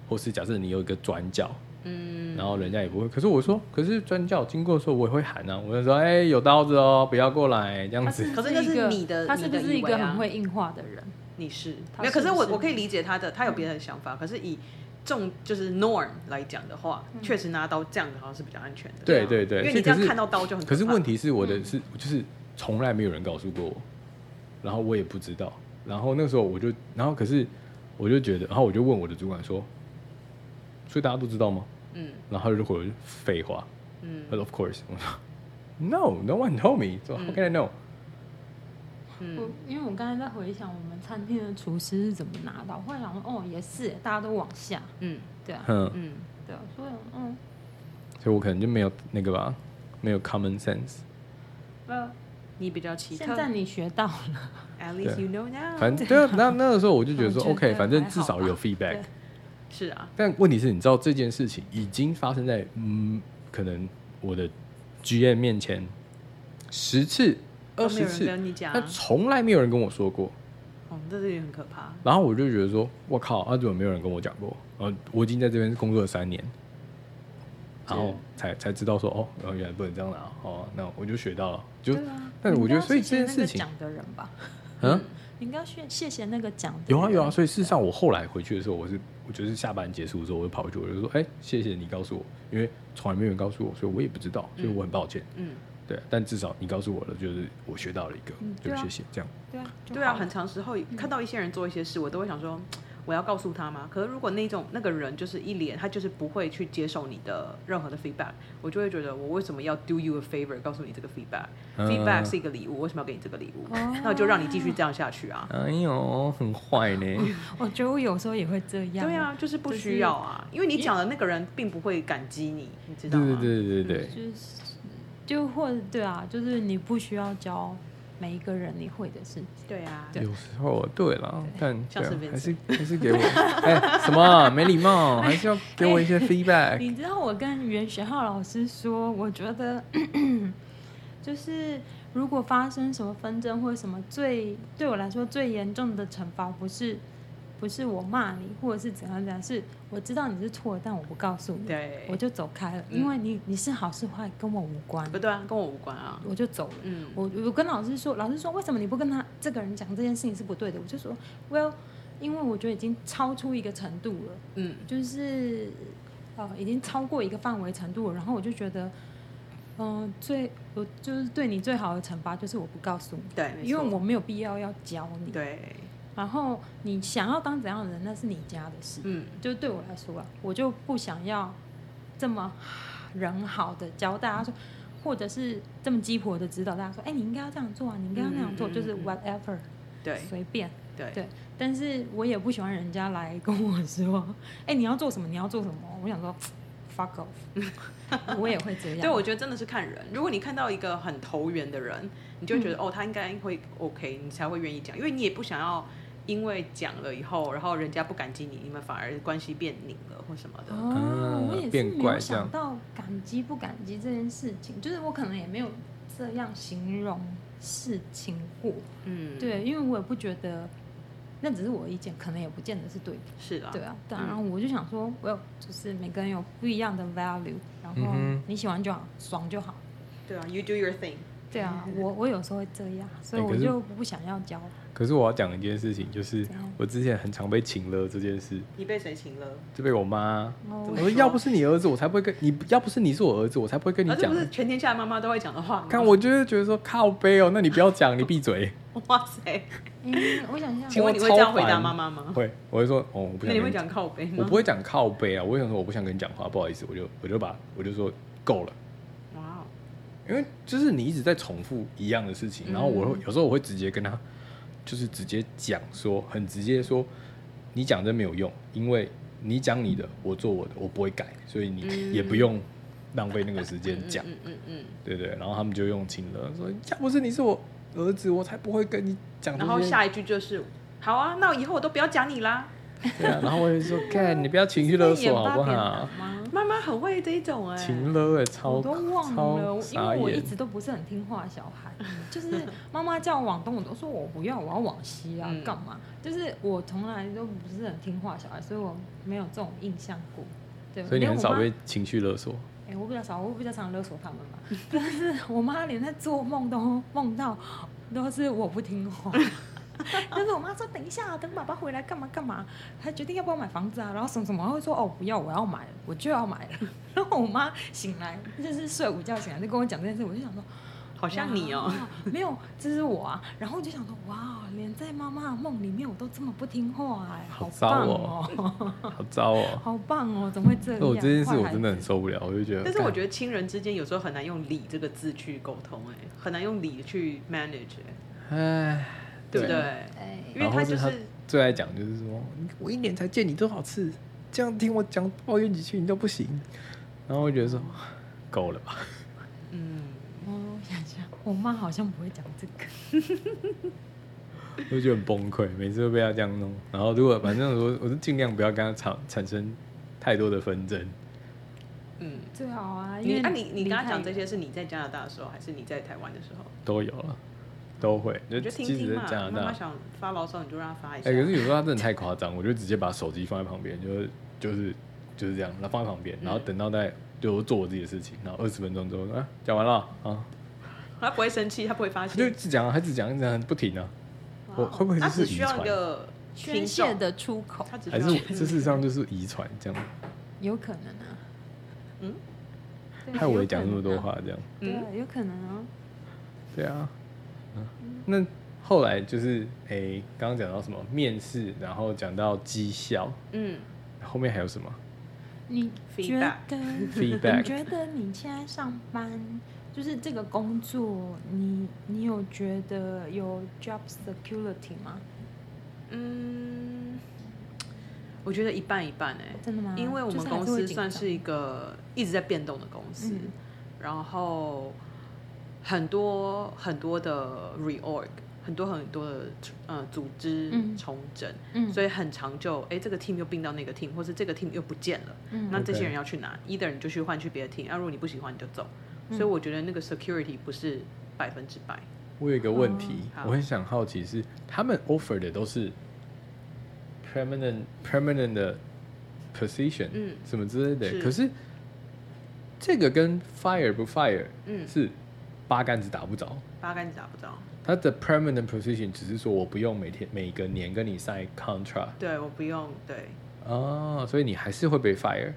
或是假設你有一個轉角，嗯，然後人家也不會。可是我說，可是轉角經過的時候，我也會喊啊，我就說，哎、欸，有刀子哦，不要過來這樣子。可是這是，個是，是個你的，他、啊、是不是一個很會硬化的人？是是沒有，可是我我可以理解他的，他有別的想法。嗯、可是以重就是 norm 來講的話，確、嗯、實拿刀這樣的好像是比較安全的。對對對，因為你這樣看到刀就很可怕。可是問題是，我的是就是從來沒有人告訴過我、嗯，然後我也不知道。然後那時候我就，然後可是我就覺得，然後我就問我的主管說：“所以大家都知道嗎？”嗯。然後如果廢話，嗯，他說 of course，我說 no，no no one told me，so how can I know？、嗯嗯、我因為我剛才在回想我們餐廳的廚師是怎麼拿到，我會想說哦，也是，大家都往下，嗯，對啊，嗯對啊，所以嗯、啊嗯啊，所以我可能就沒有那個吧，沒有 common sense。呃、well，你比較奇特，現在你學到了，at least you know now、啊。反正對啊，那那個時候我就覺得說 ，OK，反正至少有 feedback 。是啊，但問題是，你知道這件事情已經發生在嗯，可能我的 GM 面前十次。二十次，但從來沒有人跟我說過。哦，這這裡很可怕。然後我就覺得說，我靠，他、啊、怎麼沒有人跟我講過？呃，我已經在這邊工作了三年，然後才才知道說，哦，原來不能這樣拿、啊。哦，那我就學到了。就，啊、但是我覺得，所以這件事情講的人吧，嗯，嗯應該要謝謝那個講的人。有啊有啊，所以事實上，我後來回去的時候，我是，我就是下班結束的時候，我就跑去，我就說，哎、欸，謝謝你告訴我，因為從來沒有人告訴我，所以我也不知道，所以我很抱歉。嗯。嗯但至少你告訴我的，就是我學到了一個，嗯、就謝謝、啊、這樣。對啊，對啊，很長時候、嗯、看到一些人做一些事，我都會想說，我要告訴他嗎？可是如果那種那個人就是一臉，他就是不會去接受你的任何的 feedback，我就會覺得，我為什麼要 do you a favor，告訴你這個 feedback？feedback、啊、feedback 是一個禮物，我為什麼要給你這個禮物？哦、 那我就讓你繼續這樣下去啊！哎呦，很壞呢。我覺得我有時候也會這樣。對啊，就是不需要啊，就是，因為你講的那個人並不會感激你，yes. 你知道嗎？對對對對對，對，就是就或對啊，就是你不需要教每一個人你會的事情。對啊，有時候對了，對但、啊、是還是還是給我哎！ 、欸、什麼、啊、沒禮貌、欸，還是要給我一些 feedback。欸、你知道我跟袁學浩老師說，我覺得咳咳，就是如果發生什麼紛爭或什麼，最對我來說最嚴重的懲罰不是。不是我罵你，或者是怎樣怎樣，是我知道你是錯，但我不告訴你，對，我就走開了，因為你你是好是壞跟我無關。不對啊，跟我無關啊，我就走了。嗯，我我跟老師說，老師說為什麼你不跟他這個人講這件事情是不對的？我就說，Well，因為我覺得已經超出一個程度了，嗯，就是、呃、已經超過一個範圍程度了。然後我就覺得，嗯、呃，最我就是對你最好的懲罰就是我不告訴你，對，因為我沒有必要要教你，對。然後你想要當怎樣的人，那是你家的事。嗯，就是對我來說啊，我就不想要這麼人好的教大家說，或者是這麼雞婆的指導大家說，哎、欸，你應該要這樣做啊，你應該要那樣做，嗯，就是 whatever，對，隨便，對，對。但是我也不喜歡人家來跟我說，哎、欸，你要做什麼，你要做什麼。我想說，fuck off， 我也會這樣。對，我覺得真的是看人。如果你看到一個很投緣的人，你就覺得、嗯、哦，他應該會 OK，你才會願意講，因為你也不想要。因為講了以後，然後人家不感激你，你們反而關係變擰了或什麼的。哦、啊，我也是沒有想到感激不感激這件事情，就是我可能也沒有這樣形容事情過。嗯，對，因為我也不覺得，那只是我的意見，可能也不見得是對的。是的、啊，對啊，嗯，當然我就想說，我有就是每個人有不一樣的 value，然後你喜歡就好，爽就好，對啊，You do your thing。對啊，我我有時候會這樣，所以我就不想要教、欸可。可是我要講一件事情，就是我之前很常被情勒這件事。你被誰情勒？就被我媽。我說要不是你兒子，我才不會跟你；要不是你是我兒子，我才不會跟你講。啊、不是全天下的媽媽都會講的話嗎？看我就是覺得說靠杯哦、喔，那你不要講，你閉嘴。哇塞！我想一下，請問你會這樣回答媽媽嗎？會，我會說哦、喔，那你會講靠杯嗎？我不會講靠杯啊，我會想說我不想跟你講話，不好意思，我就我就把我就說夠了。因為就是你一直在重複一樣的事情，然後我有時候我會直接跟他，就是直接講說，很直接說，你講的沒有用，因為你講你的，我做我的，我不會改，所以你也不用浪費那個時間講、 嗯，嗯嗯，嗯，嗯對，對對，然後他們就用情勒，說要不是你是我兒子，我才不會跟你講。然後下一句就是，好啊，那我以後我都不要講你啦。對啊，然後我就說：“Ken， 你不要情緒勒索好不好？”媽媽很會這種哎、欸，情勒哎、欸，超都忘了，超傻眼，因為我一直都不是很聽話小孩，就是媽媽叫我往東，我都說我不要，我要往西啊，嗯、幹嘛？就是我從來都不是很聽話小孩，所以我沒有這種印象過。對，所以你很少被情緒勒索。哎、欸，我比較少，我比較常勒索他們嘛。 但是我媽連在做夢都夢到都是我不聽話。 但是我媽說等一下、啊，等爸爸回來幹嘛幹嘛？她決定要不要買房子啊？然後什麼什麼？她會說哦，不要，我要買，我就要買了。 然後我媽醒來，就是睡午覺醒來，就跟我講這件事。我就想說，哎、好像你哦、喔啊，沒有，這是我啊。然後我就想說，哇，連在媽媽的夢裡面我都這麼不聽話哎、欸喔，好糟哦、喔，好糟哦、喔， 好棒哦、喔，怎麼會這樣？ 我這件事我真的很受不了，我就覺得。但是我覺得親人之間有時候很難用理這個字去溝通、欸，哎，很難用理去 manage，哎、欸。對對，哎、欸，然後就是最愛講，就是說、就是，我一年才見你多少次，這樣聽我講抱怨幾句你都不行。然後我覺得說夠了吧。嗯，我想想，我媽好像不會講這個。 我覺得很崩潰，每次都被她這樣弄。然後如果反正我我是盡量不要跟她產產生太多的紛爭。嗯，最好啊，因為啊你你跟她講這些，是你在加拿大的時候，還是你在台灣的時候？都有了。都會，你就聽聽嘛。媽媽想發牢騷，你就讓他發一下、欸。可是有時候他真的太誇張，我就直接把手機放在旁邊，就是就是就是這樣，然放在旁邊，然後等到再、嗯、就是做我自己的事情。然後二十分鐘之後，啊、欸，講完了啊。他不會生氣，他不會發現。他就只講他只講，講不停啊。我會不會就是他需要一個宣洩的出口？還是這事實上就是遺傳這樣？有可能啊。嗯。害我也講那麼多話，這樣。對，有可能啊。對啊。那後來就是誒，剛剛講到什麼面試，然後講到績效，嗯，後面還有什麼？你覺得、Feedback. 你覺得你現在上班就是這個工作，你你有覺得有 job security 嗎？嗯，我覺得一半一半誒、欸，真的嗎？因為我們公司算是一個一直在變動的公司，就是、是然後。很多很多，很多很多的 reorg，很多很多的呃組織重整，嗯嗯、所以很常就哎這個 team 又併到那個 team，或是這個 team 又不見了，嗯、那這些人要去哪？okay.？Either 你就去換去別的 team，而、啊、如果你不喜歡你就走，嗯。所以我覺得那個 security 不是百分之百。我有一個問題，oh, 我很想好奇是他們 offer 的都是 permanent permanent 的 position，嗯，什麼之類的，是可是這個跟 fire 不 fire，嗯，是。八竿子打不着，八竿子打不着。它的 permanent position 只是說我不用每天每個年跟你 sign contract。對，我不用，對。哦、啊，所以你還是會被 fire？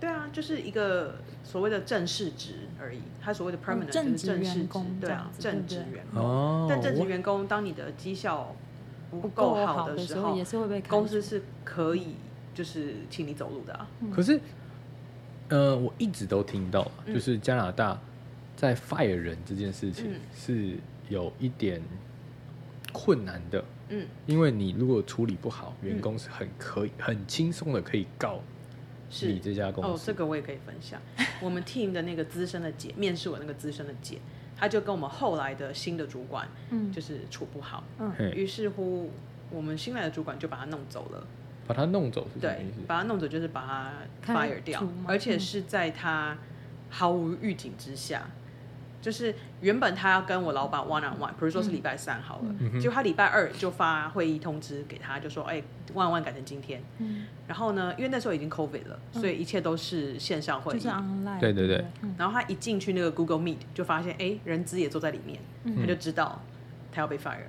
對啊，就是一個所謂的正式職而已。他所謂的 permanent、嗯、正就是正式職，對啊，正職員工。哦、但正職員工當你的績效不夠好的時候，時候也是會被公司是可以就是請你走路的、啊嗯。可是，呃，我一直都聽到、嗯、就是加拿大。在 fire 人這件事情、嗯、是有一點困難的，嗯，因為你如果處理不好，嗯、員工是很可以很輕鬆的可以告，是你這家公司。哦，這個我也可以分享。我們 team 的那個資深的姐 面試我的那個資深的姐，她就跟我們後來的新的主管，嗯，就是處不好，於、嗯、是乎我們新來的主管就把他弄走了，把他弄走是，對，把他弄走就是把他 fire 掉，而且是在他毫無預警之下。就是原本他要跟我老板 one on one，比如說是禮拜三好了，嗯、就他禮拜二就發會議通知給他，就說哎，one on one 改成今天、嗯。然後呢，因為那時候已經 covid 了，所以一切都是線上會議，對對對。就是、online, 然後他一進去那個 Google Meet 就發現，哎、欸，人資也坐在裡面、嗯，他就知道他要被 fire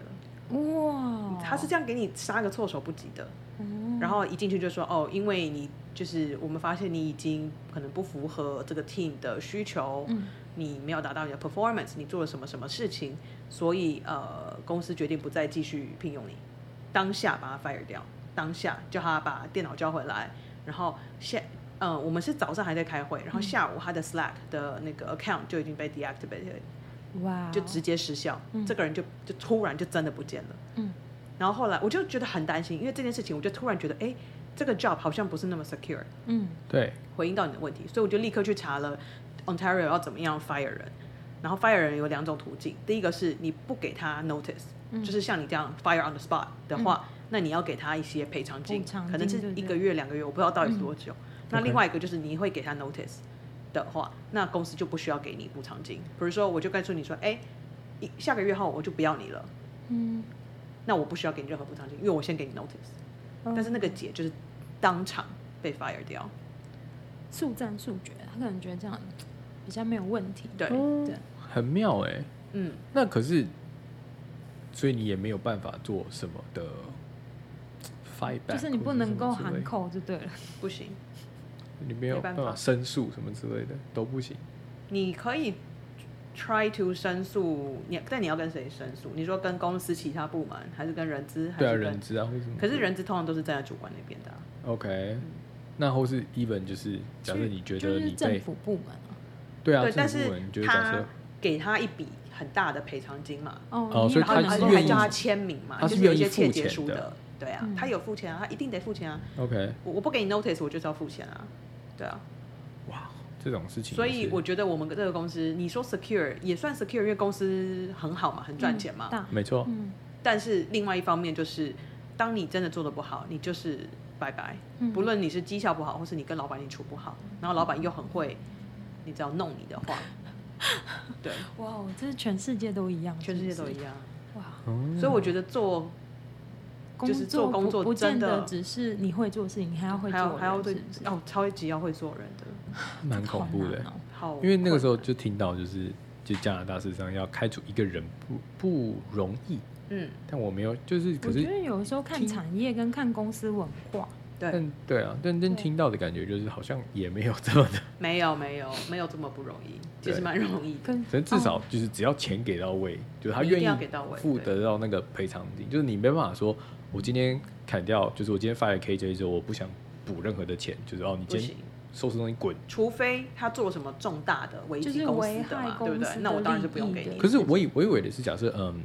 了。哇，他是這樣給你殺個措手不及的。嗯、然後一進去就說，哦，因為你就是我們發現你已經可能不符合這個 team 的需求。嗯你沒有達到你的 performance，你做了什麼什麼事情？所以呃，公司決定不再繼續聘用你，當下把他 fire 掉，當下叫他把電腦交回來，然後下，嗯、呃，我們是早上還在開會，然後下午他的 Slack 的那個 account 就已經被 deactivated，哇、嗯，就直接失效，嗯、這個人就就突然就真的不見了。嗯，然後後來我就覺得很擔心，因為這件事情，我就突然覺得，哎、欸，這個 job 好像不是那麼 secure。嗯，對，回應到你的問題，所以我就立刻去查了。Ontario 要怎麼樣 fire 人？然後 fire 人有兩種途徑，第一個是你不給他 notice，就是像你這樣 fire on the spot 的話，那你要給他一些賠償金，可能是一個月兩個月，我不知道到底是多久。那另外一個就是你會給他 notice 的話，那公司就不需要給你補償金。比如說，我就告訴你說，哎，下個月後我就不要你了。嗯，那我不需要給你任何補償金，因為我先給你 notice。但是那個姐就是當場被 fire 掉，速戰速決。他可能覺得這樣。好像沒有問題，對對，很妙哎、欸，嗯，那可是，所以你也沒有辦法做什麼的 fight back 就是你不能夠喊口就對了，不行，你沒有辦法，辦法申訴什麼之類的都不行，你可以 try to 申訴，你但你要跟誰申訴？你說跟公司其他部門，還是跟人資？對啊，人資啊，為什麼？可是人資通常都是站在主管那邊的、啊、，OK，、嗯、那或是 even 就是假設你覺得你、就是、政府部門。對啊，對，但是他給他一筆很大的賠償金嘛，哦，哦，然後然後還叫他簽名嘛，就是有一些切結書的，對啊、嗯，他有付錢啊，他一定得付錢啊。OK，、嗯、我我不給你 notice，我就是要付錢啊，對啊。哇，這種事情，所以我覺得我們這個公司，你說 secure 也算 secure，因為公司很好嘛，很賺錢嘛，嗯、沒錯、嗯。但是另外一方面就是，當你真的做得不好，你就是拜拜。嗯、不論你是績效不好，或是你跟老闆你處不好，然後老闆又很會。你只要弄你的話，對，哇、wow，這是全世界都一樣是不是？全世界都一樣，哇，oh. 所以我覺得做，就是做工作，不真的不見得只是你會做事情，你還要會做人是不是？做，還要對哦，超級要會做人的，蠻恐怖的，好、喔，因為那個時候就聽到，就是就加拿大市場要開除一個人不不容易，嗯，但我沒有，就是，可是我覺得有的時候看產業跟看公司文化。對，但對啊，但真聽到的感覺就是好像也沒有這麼的，沒有沒有沒有這麼不容易，其實蠻容易。可能、嗯、至少就是只要錢給到位，哦、就是、他願意付得到那個賠償金，就是你沒辦法說，我今天砍掉，就是我今天 fire KJ 之後，我不想補任何的錢，就是哦、啊，你今天收拾東西滾。除非他做了什麼重大的，的、就是、危害公司的嘛，對不對？那我當然就不用給你。可是我以我以為的是假設，假設嗯，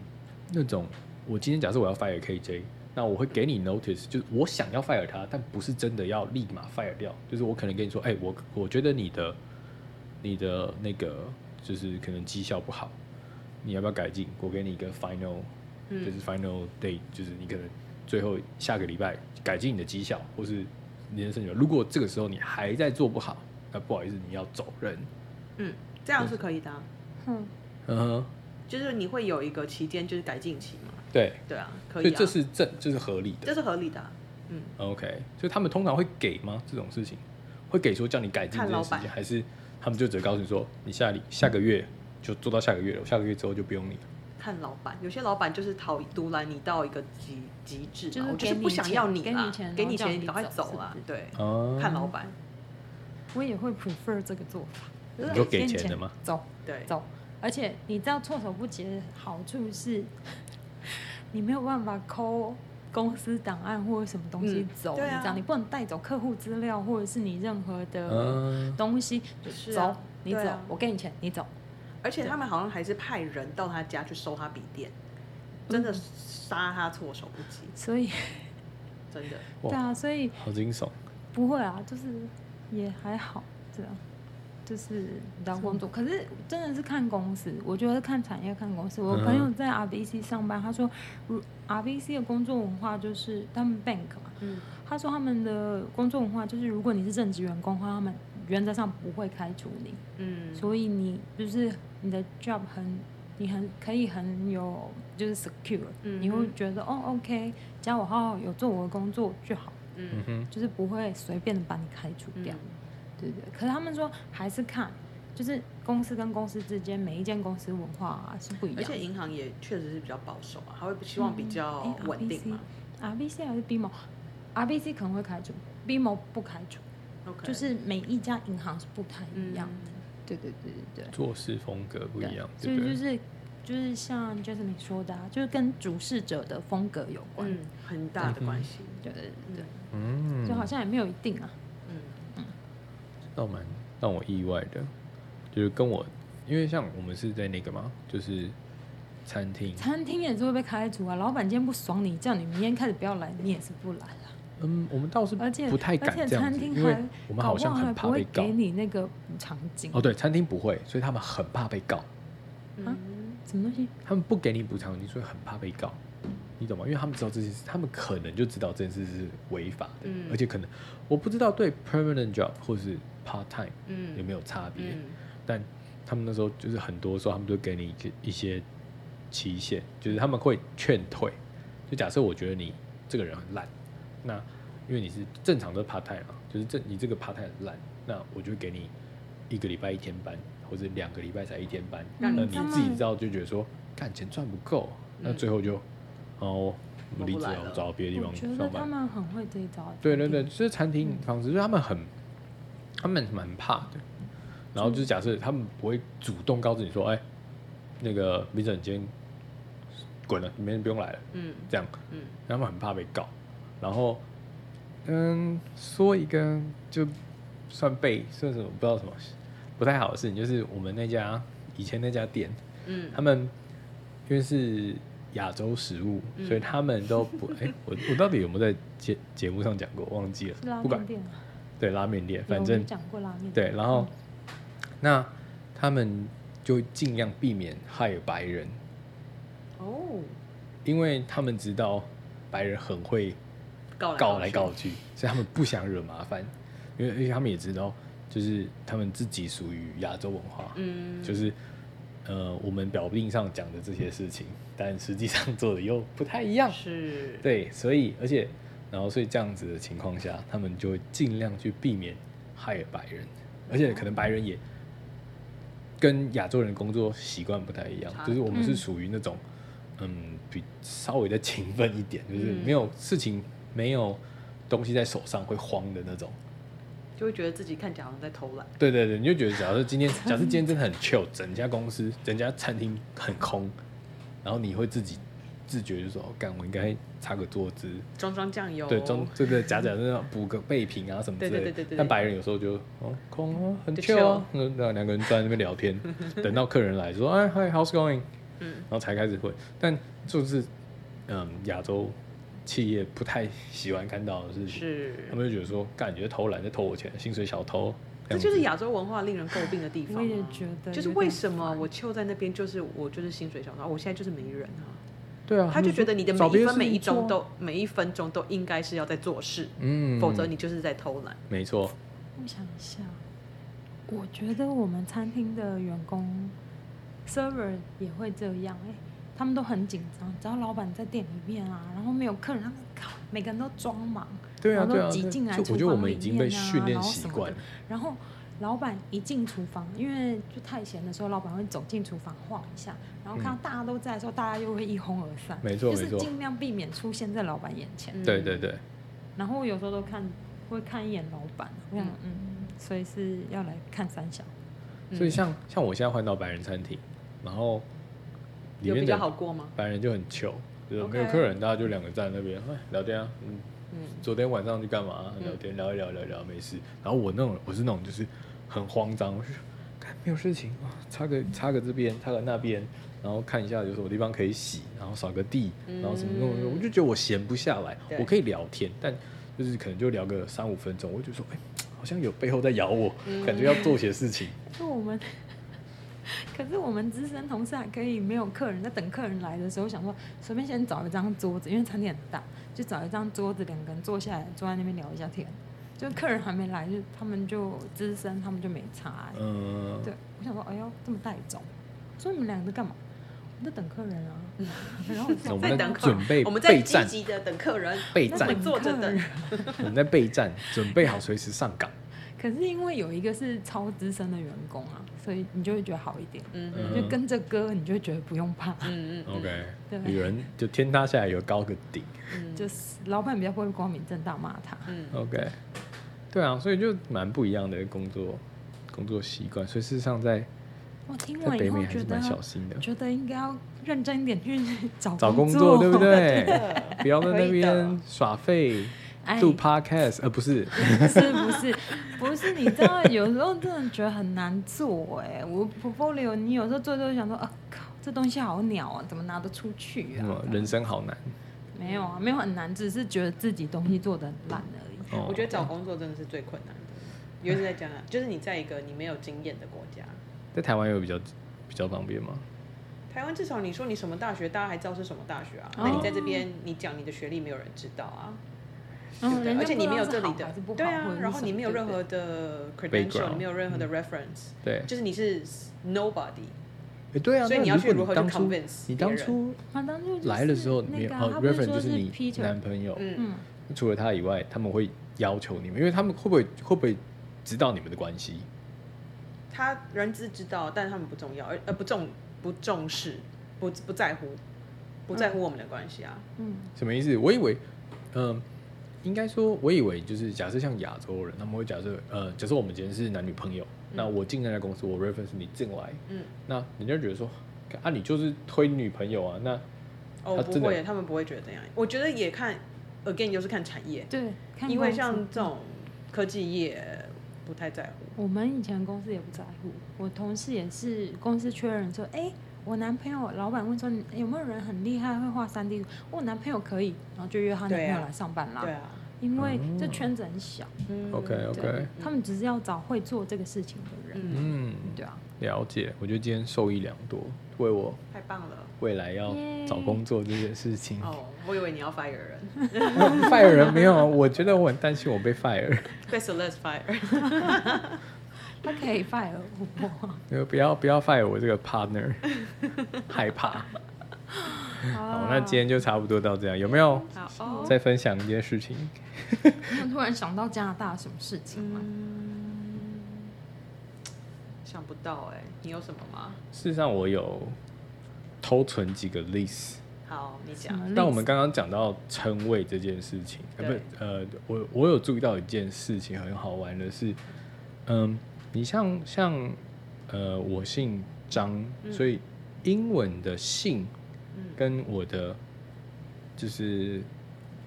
那種我今天假設我要 fire KJ，那我會給你 notice，就是我想要 fire 他，但不是真的要立馬 fire 掉，就是我可能跟你說，哎、欸，我我覺得你的你的那個就是可能績效不好，你要不要改進？我給你一個 final，就是 final day，嗯、就是你可能最後下個禮拜改進你的績效，或是你甚至說，如果這個時候你還在做不好，那不好意思，你要走人。嗯，這樣是可以的。嗯，嗯、uh -huh，就是你會有一個期間，就是改進期嘛。對，對啊，可以啊，所以這是正，這是合理的，這是合理的啊，嗯，OK，所以他們通常會給嗎？這種事情會給說叫你改進這件事情，還是他們就只告訴你說你下下個月就做到下個月了，我下個月之後就不用你了？看老闆，有些老闆就是討獨攬你到一個極極致，就是，我就是不想要你啦，給你錢你是是，給你錢，趕快走啊。對，嗯，看老闆，我也會 prefer 這個做法，有給錢的嗎前前？走，對，走，而且你知道措手不及的好處是。你沒有辦法摳公司檔案或者什麼東西、嗯、走、啊你這樣，你不能帶走客戶資料或者是你任何的東西。呃、走，你走、啊，我給你錢，你走。而且他們好像還是派人到他家去收他筆電、啊，真的殺他措手不及。所以 真的，wow, 對啊，所以好驚悚。不會啊，就是也還好這樣。就是找工作，可是真的是看公司。我覺得看產業、看公司。我朋友在 RBC 上班，他說，RBC 的工作文化就是他們 bank 嘛，嗯，他說他們的工作文化就是，如果你是正職員工的話，他們原則上不會開除你。嗯，所以你就是你的 job 很，你很可以很有就是 secure，嗯哼，你會覺得哦，OK，只要我好好有做我的工作就好。嗯哼，就是不會隨便的把你開除掉。嗯對對對，可是他們說還是看，就是公司跟公司之間，每一間公司文化、啊、是不一樣的,而且銀行也確實是比較保守啊,他會希望比較穩定嘛。嗯、RBC, RBC 還是 BMO，RBC 可能會開除，BMO 不開除。OK，就是每一家銀行是不太一樣的、嗯。對對對對，對做事風格不一樣，對對對對所以就是就是像就是你說的、啊，就是跟主事者的風格有關，嗯、很大的關係、嗯。對對對，嗯，就好像也沒有一定啊。倒蠻讓我意外的，就是跟我，因為像我們是在那個嘛，就是餐廳，餐廳也是會被開除啊。老闆今天不爽你，叫你明天開始不要來，你也是不來了。嗯，我們倒是不太敢這樣子。而且餐廳還，因為我們好像很怕被告。給你那個補償金哦？對，餐廳不會，所以他們很怕被告。嗯、啊，什麼東西？他們不給你補償金，所以很怕被告。你懂嗎？因為他們知道這件事，他們可能就知道這件事是違法的、嗯，而且可能我不知道對 permanent job 或是 part time 有沒有差別、嗯嗯，但他們那時候就是很多時候，他們都給你一些期限，就是他們會勸退。就假設我覺得你這個人很爛，那因為你是正常的 part time 嘛、啊，就是這你這個 part time 很爛，那我就給你一個禮拜一天班，或者兩個禮拜才一天班、嗯，那，那你自己知道就覺得說，幹錢賺不夠，那最後就。嗯哦、啊，離職，找別的地方上班。覺得他們很會這對對對，就是餐廳、房子，嗯、就是他們很，他們蠻怕的。然後就是假設他們不會主動告知你說：“哎、欸，那個衛生間滾了，明天不用來了。嗯”這樣，他們很怕被告。然後，嗯，說一個就算被算什麼不知道什麼不太好的事情，就是我們那家以前那家店，嗯、他們就是。亞洲食物，所以他們都不、欸、我我到底有沒有在節節目上講過？忘記了，不管，拉麵店，對拉麵店，反正對，然後那他們就盡量避免害白人、哦，因為他們知道白人很會告來告去，所以他們不想惹麻煩，因為而且他們也知道，就是他們自己屬於亞洲文化，嗯、就是。呃，我們表面上講的這些事情，但實際上做的又不太一樣。是，對，所以而且，然後所以這樣子的情況下，他們就會盡量去避免害白人，而且可能白人也跟亞洲人工作習慣不太一樣、嗯，就是我們是屬於那種，嗯，比稍微的勤奮一點，就是沒有事情沒有東西在手上會慌的那種。就會覺得自己看起來好像在偷懶。對對對，你就覺得，假設今天，假設今天真的很 chill，整家公司，整家餐廳很空，然後你會自己自覺就說：“哦，幹，我應該擦個桌子，裝裝醬油。”對，裝這個假假的補個備品啊什麼之類的。對對，對，對，對，對但白人有時候就哦空哦、啊，很 chill 啊，那兩、嗯、個人坐在那邊聊天， 等到客人來說：“哎，嗨，how's going？”、嗯、然後才開始混。但就是嗯，亞洲。企業不太喜歡看到的事情，是他們就覺得說，幹，你在偷懶在偷我錢，薪水小偷這。這就是亞洲文化令人詬病的地方、啊。我也覺得，就是為什麼我秋在那邊，就是我就是薪水小偷，我現在就是沒人啊對啊，他就覺得你的每一分每一鐘都每一分鐘都，都應該是要在做事，嗯，否則你就是在偷懶。沒錯。我想一下，我覺得我們餐廳的員工，server 也會這樣哎、欸。他們都很緊張，只要老闆在店裡面啊，然後沒有客人，他們每個人都裝忙，然後都擠進來，啊，對啊對啊，就我覺得我們已經被訓練習慣了，都擠進來廚房裡面啊，然後什麼的，然後老闆一進廚房，因為就太閒的時候，老闆會走進廚房晃一下，然後看到大家都在的時候，嗯、大家又會一哄而散，沒錯沒錯，盡、就是、量避免出現在老闆眼前，對對對。然後有時候都看，會看一眼老闆，嗯嗯，所以是要來看三小？所以像、嗯、像我現在換到白人餐廳，然後。人有比較好過嗎？白人就很窮，okay. 就沒有客人，大家就兩個站在那邊聊天啊。啊嗯，嗯，昨天晚上去幹嘛、啊？聊天，聊一聊，一聊、嗯，聊聊，沒事。然後我那種，我是那種，就是很慌張，沒有事情，擦、啊、個擦個這邊，擦個那邊，然後看一下有什麼地方可以洗，然後掃個地，然後什麼那種、嗯、我就覺得我閒不下來，我可以聊天，但就是可能就聊個三五分鐘。我就說，哎、欸，好像有背後在咬我，嗯、感覺要做些事情。嗯可是我們資深同事還可以沒有客人，在等客人來的時候，想說隨便先找一張桌子，因為餐廳很大，就找一張桌子，兩個人坐下來，坐在那邊聊一下天。就客人還沒來，就他們就資深，他們就沒差、欸。嗯，對，我想說，哎喲，這麼大一桌，所以你們兩個在幹嘛？我們在等客人啊。嗯、然後我們在等客人，我們在積極的等客人，備戰坐着等， 我們在備戰，準備好隨時上崗。可是因為有一個是超資深的員工啊。所以你就會覺得好一點，嗯嗯，就跟着歌，你就會覺得不用怕，嗯嗯，OK，對，okay, 女人就天塌下來有高個頂，嗯，就是老闆比較不會光明正大罵她，嗯，OK，對啊，所以就蠻不一樣的一個工作工作習慣，所以事實上在我聽完以後還是蠻小心的，覺得，覺得應該要認真一點去找工找工作，對不對？ 不要在那邊耍廢。做 podcast 呃不是，是不是，不是不是不是， 你知道有時候真的覺得很難做哎、欸，我 portfolio 你有時候做的時候就想說啊靠，這東西好鳥啊，怎麼拿得出去啊？人生好難。沒有啊，沒有很難，只是覺得自己東西做得爛而已。Oh. 我覺得找工作真的是最困難的。尤其是在講啊，就是你在一個你沒有經驗的國家，在台灣有比較比較方便嗎？台灣至少你說你什麼大學，大家還知道是什麼大學啊？Oh. 那你在這邊，你講你的學歷，沒有人知道啊。嗯，而且你沒有這裡的，對啊，然後你沒有任何的 credential，你沒有任何的 reference，對，就是你是 nobody。哎，對啊，所以你要去如何去 convince？、欸啊那個、如你當初，他當初來的時候你沒有、那個啊哦是是哦、reference 就是你男朋友。嗯，除了他以外，他們會要求你們，因為他們會不會會不會知道你們的關係？他人知知道，但是他們不重要，而、呃、而不重不重視，不不在乎，不在乎我們的關係啊嗯。嗯，什麼意思？我以為，嗯。應該說，我以為就是假設像亞洲人，他們會假設呃，假設我們今天是男女朋友，嗯、那我進那個公司，我 reference 你進來，嗯，那人家覺得說啊，你就是推女朋友啊，那哦、啊、不會，他們不會覺得這樣。我覺得也看 again，就是看產業，對，看因為像這種科技業不太在乎。嗯、我們以前公司也不在乎，我同事也是公司確認說，哎、欸。我男朋友老板問說，欸，有沒有人很厲害會畫三 D？我男朋友可以，然後就約他女朋友來上班啦。對啊。對啊，因為這圈子很小。嗯，OK OK。他們只是要找會做這個事情的人。嗯，對啊。了解，我覺得今天受益良多，為我太棒了。未來要找工作這件事情。哦， oh, 我以為你要 fire 人。 oh, fire 人沒有啊，我覺得我很擔心我被 fire。被 less fire。 不可以 fire 我，喔嗯，不要不要 fire 我這個 partner， 害怕 。好，那今天就差不多到這樣，有沒有再分享一件事情？哦、 突然想到加拿大什麼事情、嗯、想不到哎、欸，你有什麼嗎？事實上，我有偷存幾個 list。好，你講。但我們剛剛講到稱謂這件事情，不，呃，我我有注意到一件事情，很好玩的是，嗯。你像像，呃，我姓張、嗯，所以英文的姓跟我的就是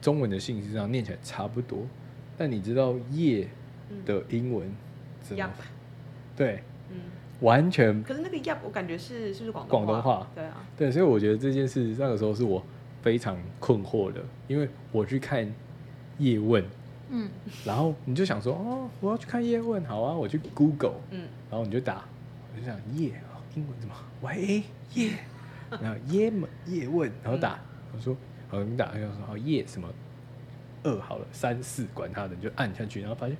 中文的姓實際上念起來差不多。但你知道葉的英文怎麼、嗯？對，嗯、完全。可是那個葉，我感覺是是不是廣東話？廣東話，對啊。對，所以我覺得這件事那個時候是我非常困惑的，因為我去看葉問。嗯，然後你就想說，哦，我要去看葉問，好啊，我去 Google，嗯，然後你就打，我就想葉、yeah, 哦、英文怎麼，喂，葉、yeah, 然後葉麼葉問，嗯、然後打，我說，好，你打，他、嗯、說，好，葉、yeah, 什麼二好了，三四，管他的，你就按下去，然後發現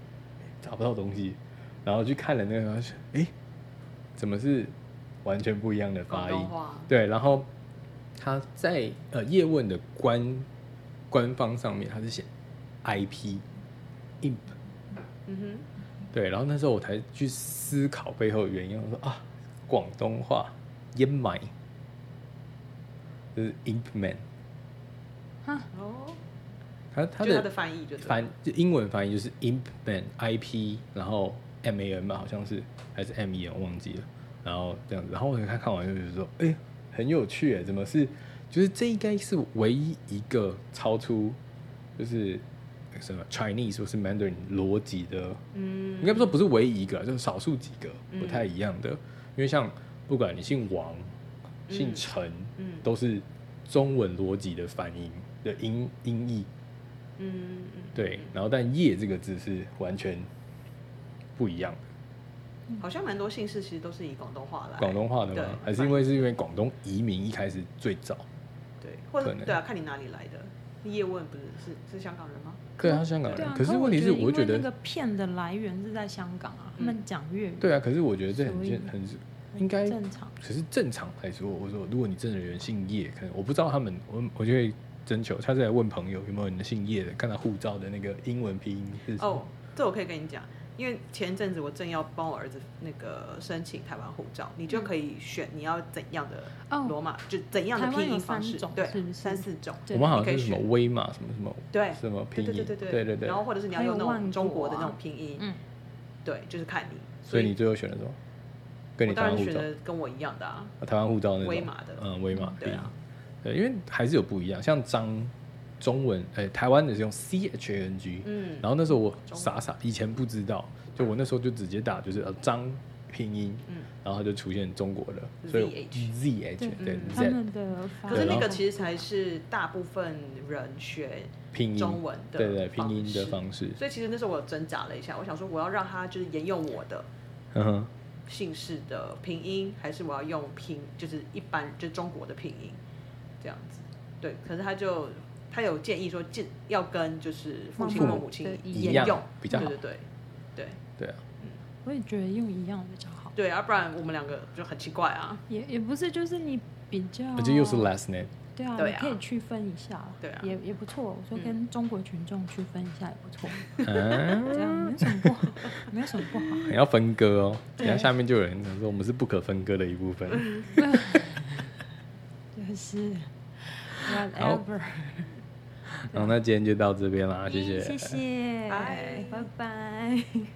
找不到東西，然後去看了那個，然後就，哎，怎麼是完全不一樣的發音？高高對，然後他在呃葉問的官官方上面，他是寫 IP。imp，、嗯哼、對，然後那時候我才去思考背後的原因。我說啊，廣東話煙埋，就是 imp man，哈哦，他他的翻譯就翻就英文翻譯就是 imp man i p，然後 m a n 吧，好像是還是 m 我忘記了，然後這樣子，然後我看看完就就是說，哎、欸，很有趣誒，怎麼是就是這應該是唯一一個超出就是。什麼 Chinese 或是 Mandarin 邏輯的，嗯，應該不是說不是唯一一個、啊，就是少數幾個不太一樣的。因為像不管你姓王、姓陳，嗯，都是中文邏輯的反應的音音譯，嗯對。然後但葉這個字是完全不一樣的。好像蠻多姓氏其實都是以廣東話來，廣東話的嗎？還是因為是因為廣東移民一開始最早？對，或者對啊，看你哪裡來的。葉問不是是是香港人嗎？可是他、啊、香港人、啊，可是問題是，我覺得，我覺得那個片的來源是在香港啊，嗯、他們講粵語。對啊，可是我覺得這很，很應該正常。可是正常來說，我說如果你真的人姓葉，可能我不知道他們，我我就會徵求，他在問朋友有沒有人姓葉的，看他護照的那個英文拼音是什麼。哦，這我可以跟你講。因為前陣子我正要幫我兒子那個申請台灣護照，你就可以選你要怎樣的羅馬、哦，就怎樣的拼音方式，對，三四種。我們好像可以什麼威馬什麼什麼，對，什麼拼音，對對對對對對、對、對、對、對、對、對對對。然後或者是你要用那種中國的那種拼音，啊、嗯，對，就是看你。所以，所以你最後選了什麼？跟你我當然選的跟我一樣的啊，台灣護照那威馬的，嗯，威、嗯、馬、嗯嗯、對啊，對，因為還是有不一樣，像張。中文、欸、台灣的是用 C H A N G，嗯，然後那時候我傻傻以前不知道，就我那時候就直接打就是啊、張拼音，嗯、然後它就出現中國的 Z H Z H，對，對嗯、的方，可是那個其實才是大部分人學拼音中文的對對、對拼音的方式，所以其實那時候我掙扎了一下，我想說我要讓他就是沿用我的姓氏的拼音，uh -huh、還是我要用拼就是一般就是、中國的拼音這樣子，對，可是他就。他有建議說，要跟就是父親或母親、嗯、一樣，比較好對對對，對、對、啊、我也覺得用一樣比較好，對，啊，不然我們兩個就很奇怪啊。也也不是，就是你比較，而且又是 last name，對啊，對啊，可以區分一下，對啊，也也不錯，我說跟中國群眾區分一下也不錯，嗯、 這樣沒什麼不好，沒有什麼不好，你 要分割哦、喔，然後下、下面就有人想說，我們是不可分割的一部分， 就是 whatever 後、哦，那今天就到這邊了啊。謝謝，謝謝，拜拜拜拜。